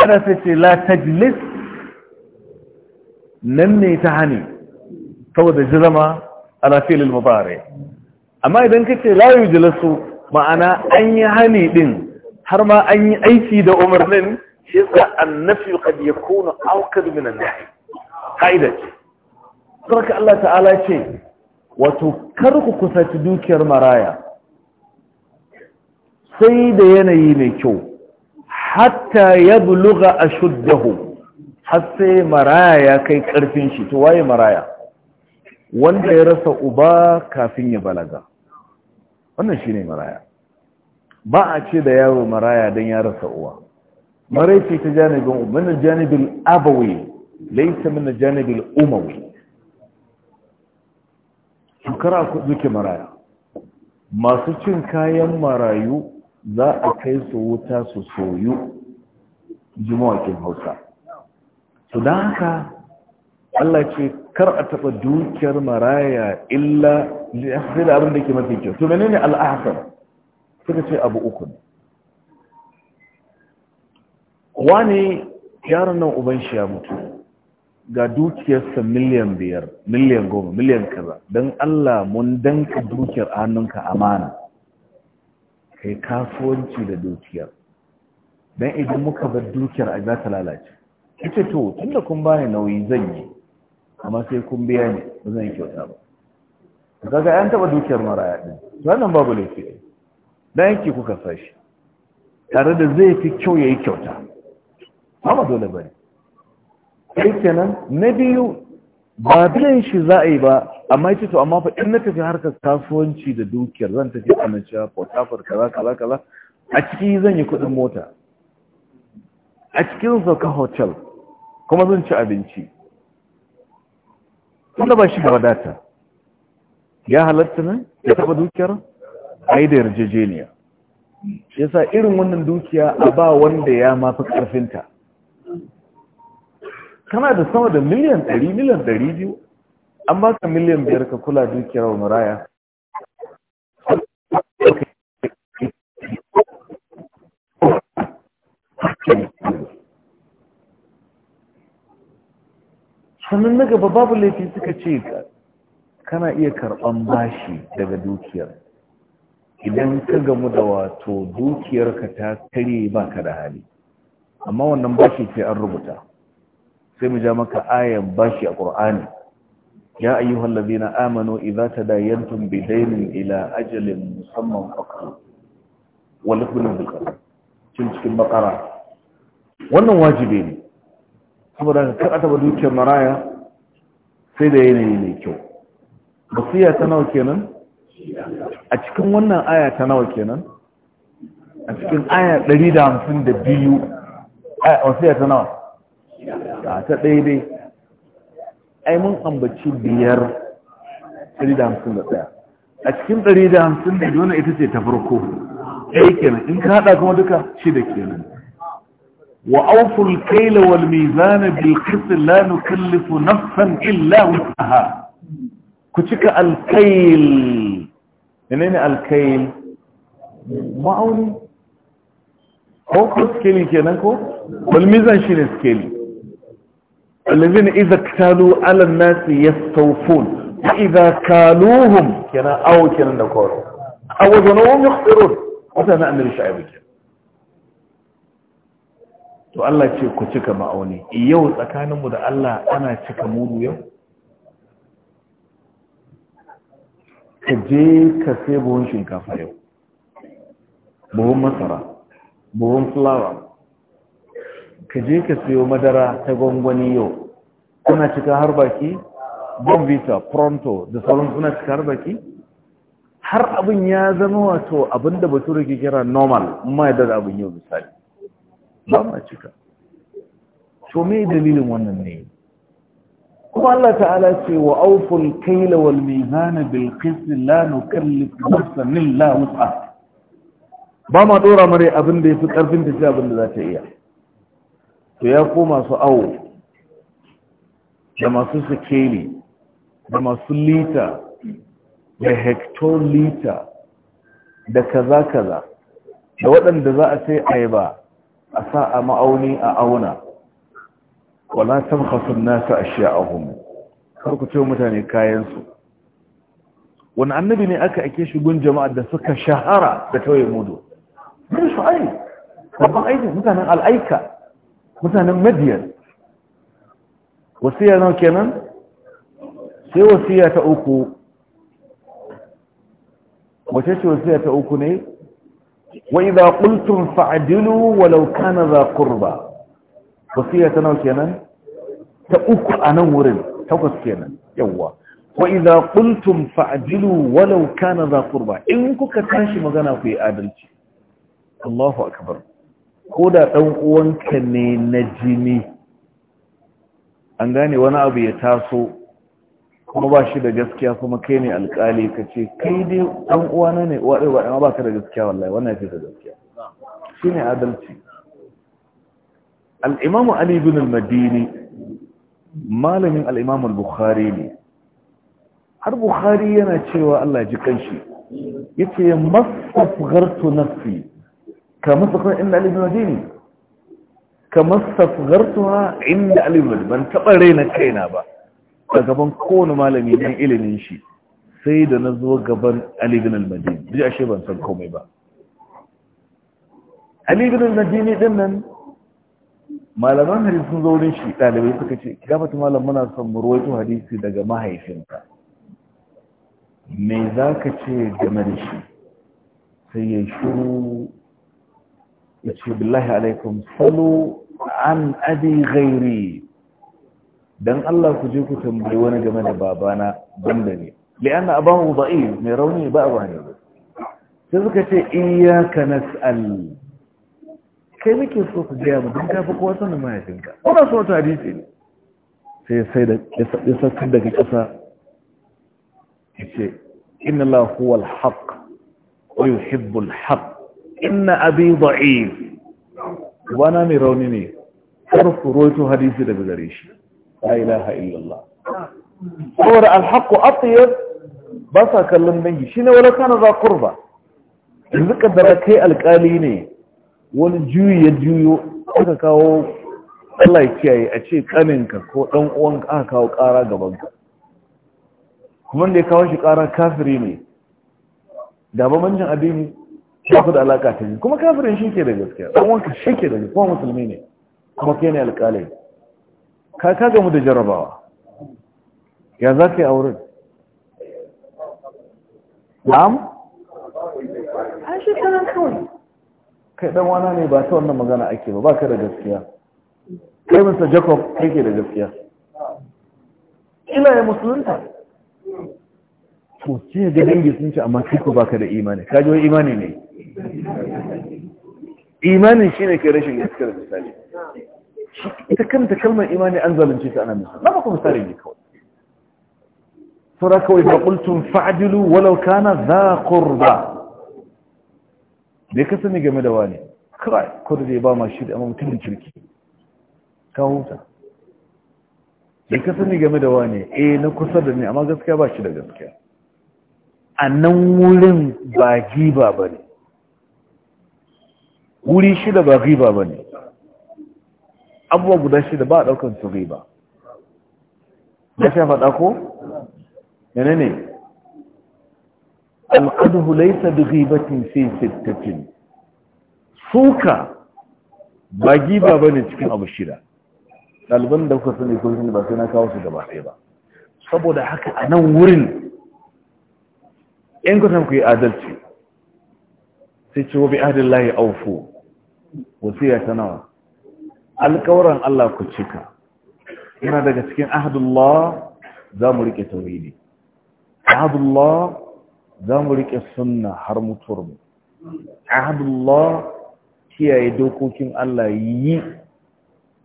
ana sai ce la tajlis nan ne ta hani saboda jirama ala fili mudari amma idan ce la jilasu, ma'ana an yi hani din har ma an yi aiki da umarnin shi yasa annafi qad yakunu awqad min an-nahy kaida Allah ta'ala ce wato kar ku kusaci dukiyar maraya sai da yanayi mai kyau hatta ya buluga ashuddahu har sai maraya ya kai karfin shi to waye maraya wanda ya rasa uba kafin ya balaga wannan shine maraya ba a ce da yaro maraya don ya rasa uwa maraice ta janibin min janibin abawi laysa min janibin umawi shukara ku duke maraya masu cin kayan marayu za a kai su wuta su soyu jimawakin hausa su haka Allah ce kar a taɓa dukiyar maraya illa abin da ke mafi kyau menene suka abu uku wani yaron nan uban shi ya mutu ga dukiyarsa miliyan biyar miliyan goma miliyan kaza don allah mun danka dukiyar hannunka amana kai kasuwanci da dukiyar don idan muka bar dukiyar a za ta lalace ita to da kun bani nauyi zan yi amma sai kun biya ne ba zan yi kyauta ba kaga an taba dukiyar maraya din wannan babu laifi dan yake kuka sashi tare da zai fi kyau yayi kyauta ba dole bane kai kenan na biyu ba biyan shi za a yi ba amma ya ce to amma faɗin in na tafi harkar kasuwanci da dukiyar zan tafi amincewa port kaza kaza kaza a ciki zan yi kuɗin mota a cikin sauka hotel kuma zan ci abinci wanda ba shi wadata ya halatta nan ya taba dukiyar a yi da yarjejeniya yasa irin wannan dukiya a ba wanda ya mafi ƙarfinta kana da sama da miliyan 100 miliyan 200 an baka miliyan biyar ka kula dukiyar maraya. sannan na gaba babu laifi suka ce kana iya karɓan bashi daga dukiyar idan ka gamu da wato dukiyarka ta kare baka da hali amma wannan bashi sai an rubuta sai mu ja maka ayan bashi a ƙur'ani ya ayyuhal ladina amanu idza tadayantum daynin ila ajalin musamman faqtu wal khulul bil cin cikin bakara wannan wajibi ne saboda kar a taba dukiyar maraya sai da yanayi mai kyau basiya ta nawa kenan a cikin wannan aya ta nawa kenan a cikin aya 152 aya wasiya ta nawa a ta daidai ai mun ambaci biyar 151 a cikin da dole ita ce ta farko Ai kenan in ka haɗa kuma duka shida kenan wa auful kayla wal mizana bil qist la nukallifu nafsan illa wusaha ku cika alkail menene kayl ma'auni ko ko skeli kenan ko wal mizan ne skeli الذين إذا اكتالوا على الناس يستوفون وإذا كالوهم كنا أو كنا نكوروا أو ذنوهم يخسرون وذا نأمر شعب كنا to Allah ce ku cika ma'auni yau tsakaninmu da Allah ana cika mudu yau ka je ka sai buhun shinkafa yau buhun masara buhun fulawa ka je ka siyo madara ta gwangwani yau kuna cika har baki don vita pronto da sauran kuna cika har baki har abin ya zama wato abin da batura ke kira normal ma yadda da abin yau misali ba ma cika to me dalilin wannan ne kuma Allah ta'ala ce wa auful kaila wal mizana bil qist la nukallif nafsan illa wus'aha ba ma dora mare abin da yafi karfin ta ce abin da za ta iya to ya ko masu awo da masu sikeli da masu lita da hectolita da kaza-kaza da waɗanda za a sai ayaba a sa a ma'auni a auna wala tamkhasun nasa ashiya'ahum kar ku ce mutane kayansu wani annabi ne aka ake shigun jama'ar da suka shahara da tauye mudu ne shu'ai babban aikin mutanen al'aika mutanen madiyar wasiya nawa kenan sai wasiya ta uku wace ce wasiya ta uku ne wa idza qultum fa'dilu walau kana za qurba wasiya ta nawa kenan ta uku a nan wurin takwas kenan yawa wa idza qultum fa'dilu walau kana za qurba in kuka tashi magana ku yi adalci Allahu akbar ko da ɗan uwanka ne na jini an gane wani abu ya taso kuma ba shi da gaskiya kuma kai ne alkali ka ce kai dai ɗan uwana ne waɗai waɗai ma ba ka da gaskiya wallahi wannan ya fi da gaskiya shi ne adalci al'imamu ali bin al-madini malamin al'imamu al-bukhari ne har bukhari yana cewa allah ji kanshi masu masafgartu nafi kamar su kuma inda alibin waje ne kamar safgartuwa inda alibin ban taɓa raina kaina ba a gaban kowane malami don ilimin shi sai da na zo gaban alibin almadini duk shi ban san komai ba alibin ne din nan malaman hadisi sun zo wurin shi ɗalibai suka ce gabata malam muna son mu ruwaito hadisi daga mahaifinka me za ka ce game da shi sai ya shuru يتفي بالله عليكم صلوا عن أبي غيري دان الله كجوك تنبلون جمال بابانا بندني لأن أباه ضئيل ميروني بأباني تذكى إياك نسأل كيف يكون صوت جامد دمك فقوة ما يتنك أنا صوت عديثي سي سيدة يسكدك الأسى يتفي إن الله هو الحق ويحب الحق inna abi da'if wana mai rauni ne har furoto hadisi daga gare shi la ilaha illallah saboda alhaqqu atyab ba sa kallon dangi shine wala kana za qurba yanzu kaddara kai alkali ne wani juyi ya juyo aka kawo Allah ya kiyaye a ce kaninka ko dan uwanka aka kawo kara gaban ka kuma da ya kawo shi kara kafiri ne da bambancin addini ba da alaka ta yi kuma kafirin shi ke da gaskiya ɗan wanka shi ke da kuma musulmi ne kuma ke ne alƙalai ka ka gamu da jarabawa ya za ka yi auren na'am an shi kanan kawai kai ɗan wana ne ba ta wannan magana ake ba ba ka da gaskiya kai mr jacob kai ke da gaskiya Ina yi musulunta ko ce ga dangi sun ce amma kai ba ka da imani ka ji imani ne imanin shi ne ke rashin gaskiyar misali ita kanta kalmar imani an zalunce ta ana misali ba baka misali ne kawai sura kawai ba kultun fa'adilu walau kana za kurba da ka sani game da wani kawai kudu zai ba ma shi da amma mutumin kirki ka ta da ka sani game da wani e na kusa da ni amma gaskiya ba shi da gaskiya a nan wurin ba giba ba ne wuri shida ba riba ba ne abubuwa guda shida ba a ɗaukan su riba Ya sha faɗa ko? yana ne al'adu laisa da ribatin sai sittatin suka ba giba ba ne cikin abu shida ɗaliban da kuka sani ko sani ba sai na kawo su gaba ɗaya ba saboda haka a nan wurin ‘yan kusan ku yi adalci sai ce wa bi aufu wasiya ta nawa alƙawaran Allah ku cika ina daga cikin ahadullah za mu riƙe tauhidi ahadullah za mu riƙe sunna har mutuwar mu ahadullah kiyaye dokokin Allah yi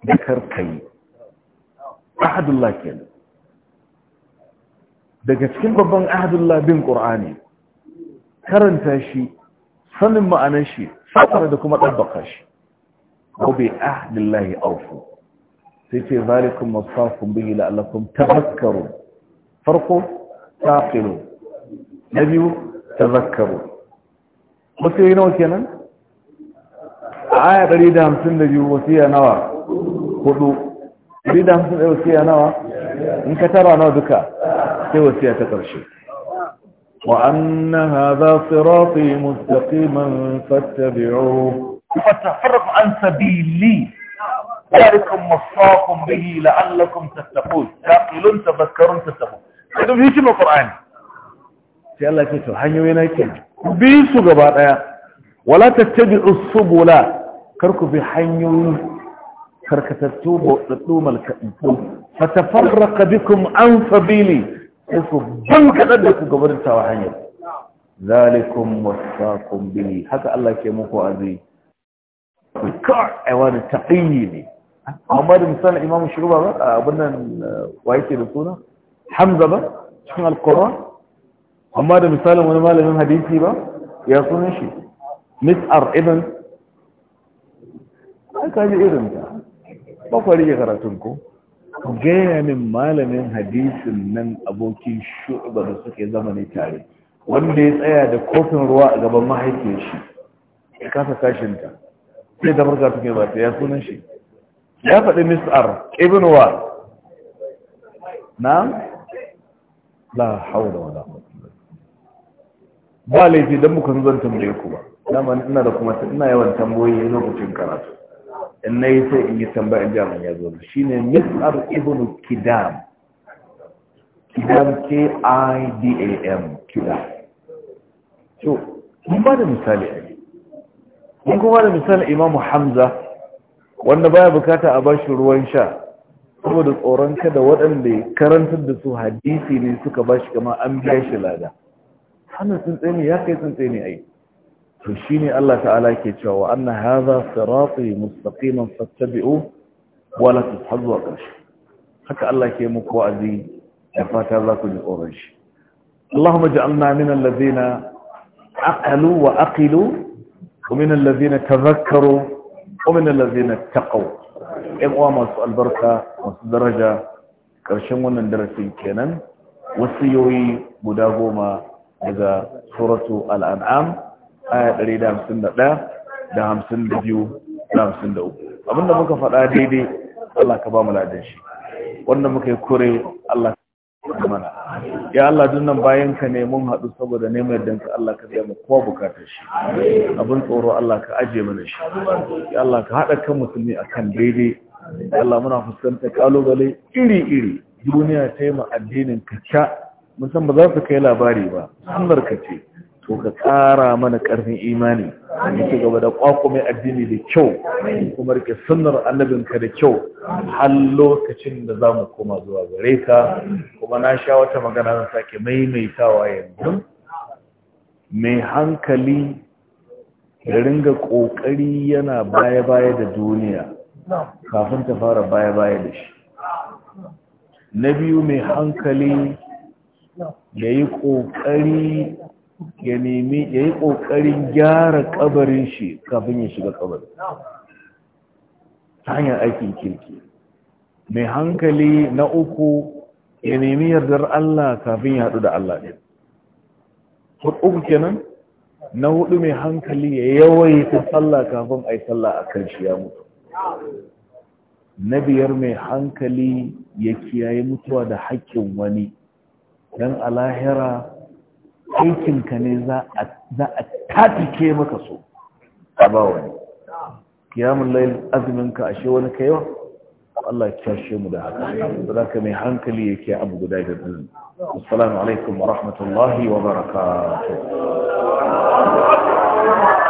da karkayi ahadullah kenan daga cikin babban ahadullah bin ƙur'ani karanta shi sanin ma'anar shi sakar da kuma ɗabbaka shi ko bai ahdillahi aufu sai ce zalikun masafin bihi la'allakun tazakkaru farko taqilu na biyu tazakkaru wasu yi nawa kenan a aya 152 wasu ya nawa hudu 151 wasu ya nawa in ka tara nawa duka sai wasu ya ta ƙarshe وأن هذا صراطي مستقيما فاتبعوه فتفرق عن سبيلي ذلكم وصاكم به لعلكم تتقون تاقلون تذكرون تتقون هذا مهيش من القرآن سي الله كيسو حنيو ينايكين بيسو قبار ايا ولا تتبع الصبولا كركو في حنيو كركة التوب وتتوم الكأنتو فتفرق بكم عن سبيلي sai ku ban kaɗan da ku gabartawa hanyar zalikum wasaqum bihi haka Allah ke muku azai ka ai wani taqiyi ne amma da misali imamu shuruba ba abin nan uh, wa da suna hamza ba cikin alquran amma da misalin wani malamin hadisi ba ya sunan shi mis'ar ibn ai kaji irin ta ba ku rige karatun ko gaya min malamin hadisin nan abokin shu'ba da suke ne tare wanda ya tsaya da kofin ruwa a gaban mahaifin shi ya kasa ta sai da farka suke ba ya sunan shi ya faɗi mis'ar ibn wa na la haula wala ba laifi don muka zan tambaye ku ba dama ina da kuma ina yawan tamboyi lokacin karatu in na yi sai in yi tambaya in jaman ya zo shi ne misar ibn kidam kidam k-i-d-a-m kidam so mun ba da misali a yi mun kuma da misali imamu hamza wanda baya bukata a ba shi ruwan sha saboda tsoron kada waɗanda karantar da su hadisi ne suka ba shi kama an biya shi lada hannun tsuntseni ya kai tsuntseni a yi to shine Allah ta'ala yake cewa anna hadha sirati mustaqiman fattabi'u wa la tashabu qash haka Allah ke muku wa'azi da fata za ku ji tsoron shi Allahumma ja'alna min allazina aqalu wa aqilu wa min allazina tadhakkaru wa min allazina taqaw in uwa masu albarka masu daraja ƙarshen wannan darasin kenan wasu yoyi guda goma daga suratu al'an'am aya 151 da 52 da 53 abinda muka faɗa daidai Allah ka ba mu ladan shi wanda muka yi kore Allah ka mana ya Allah dunnan bayan ka ne mun haɗu saboda neman yadda ka Allah ka biya mu kowa bukatar shi abin tsoro Allah ka ajiye mana shi ya Allah ka haɗa kan musulmi akan daidai ya Allah muna fuskantar kalubale iri-iri duniya ta yi ma addinin ka ca musamman ba za su kai labari ba sannar ka ce to ka ƙara mana ƙarfin imani da ke gaba da ƙwaƙumin addini da kyau kuma rike sunar annabinka da kyau har lokacin da za mu koma zuwa gare ka kuma na sha wata magana zan sake maimaitawa yanzu mai hankali da ringa ƙoƙari yana baya-baya da duniya kafin ta fara baya-baya da shi na biyu mai hankali ya yi ƙoƙari ya nemi ya yi ƙoƙarin gyara ƙabarin shi kafin ya shiga ƙabarin ta hanyar aikin kirki mai hankali na uku ya nemi yardar Allah kafin ya haɗu da Allah ɗin uku kenan na hudu mai hankali ya yawaita sallah kafin a yi sallah a kan shi ya mutu na biyar mai hankali ya kiyaye mutuwa da haƙƙin wani don a lahira aikinka ne za a tatike maka so a ba wani kiyamun layin azuminka ashe wani ka yawa Allah ya kyashe mu da haka za ka mai hankali yake abu guda da ɗin assalamu alaikum wa rahmatullahi wa barakatuh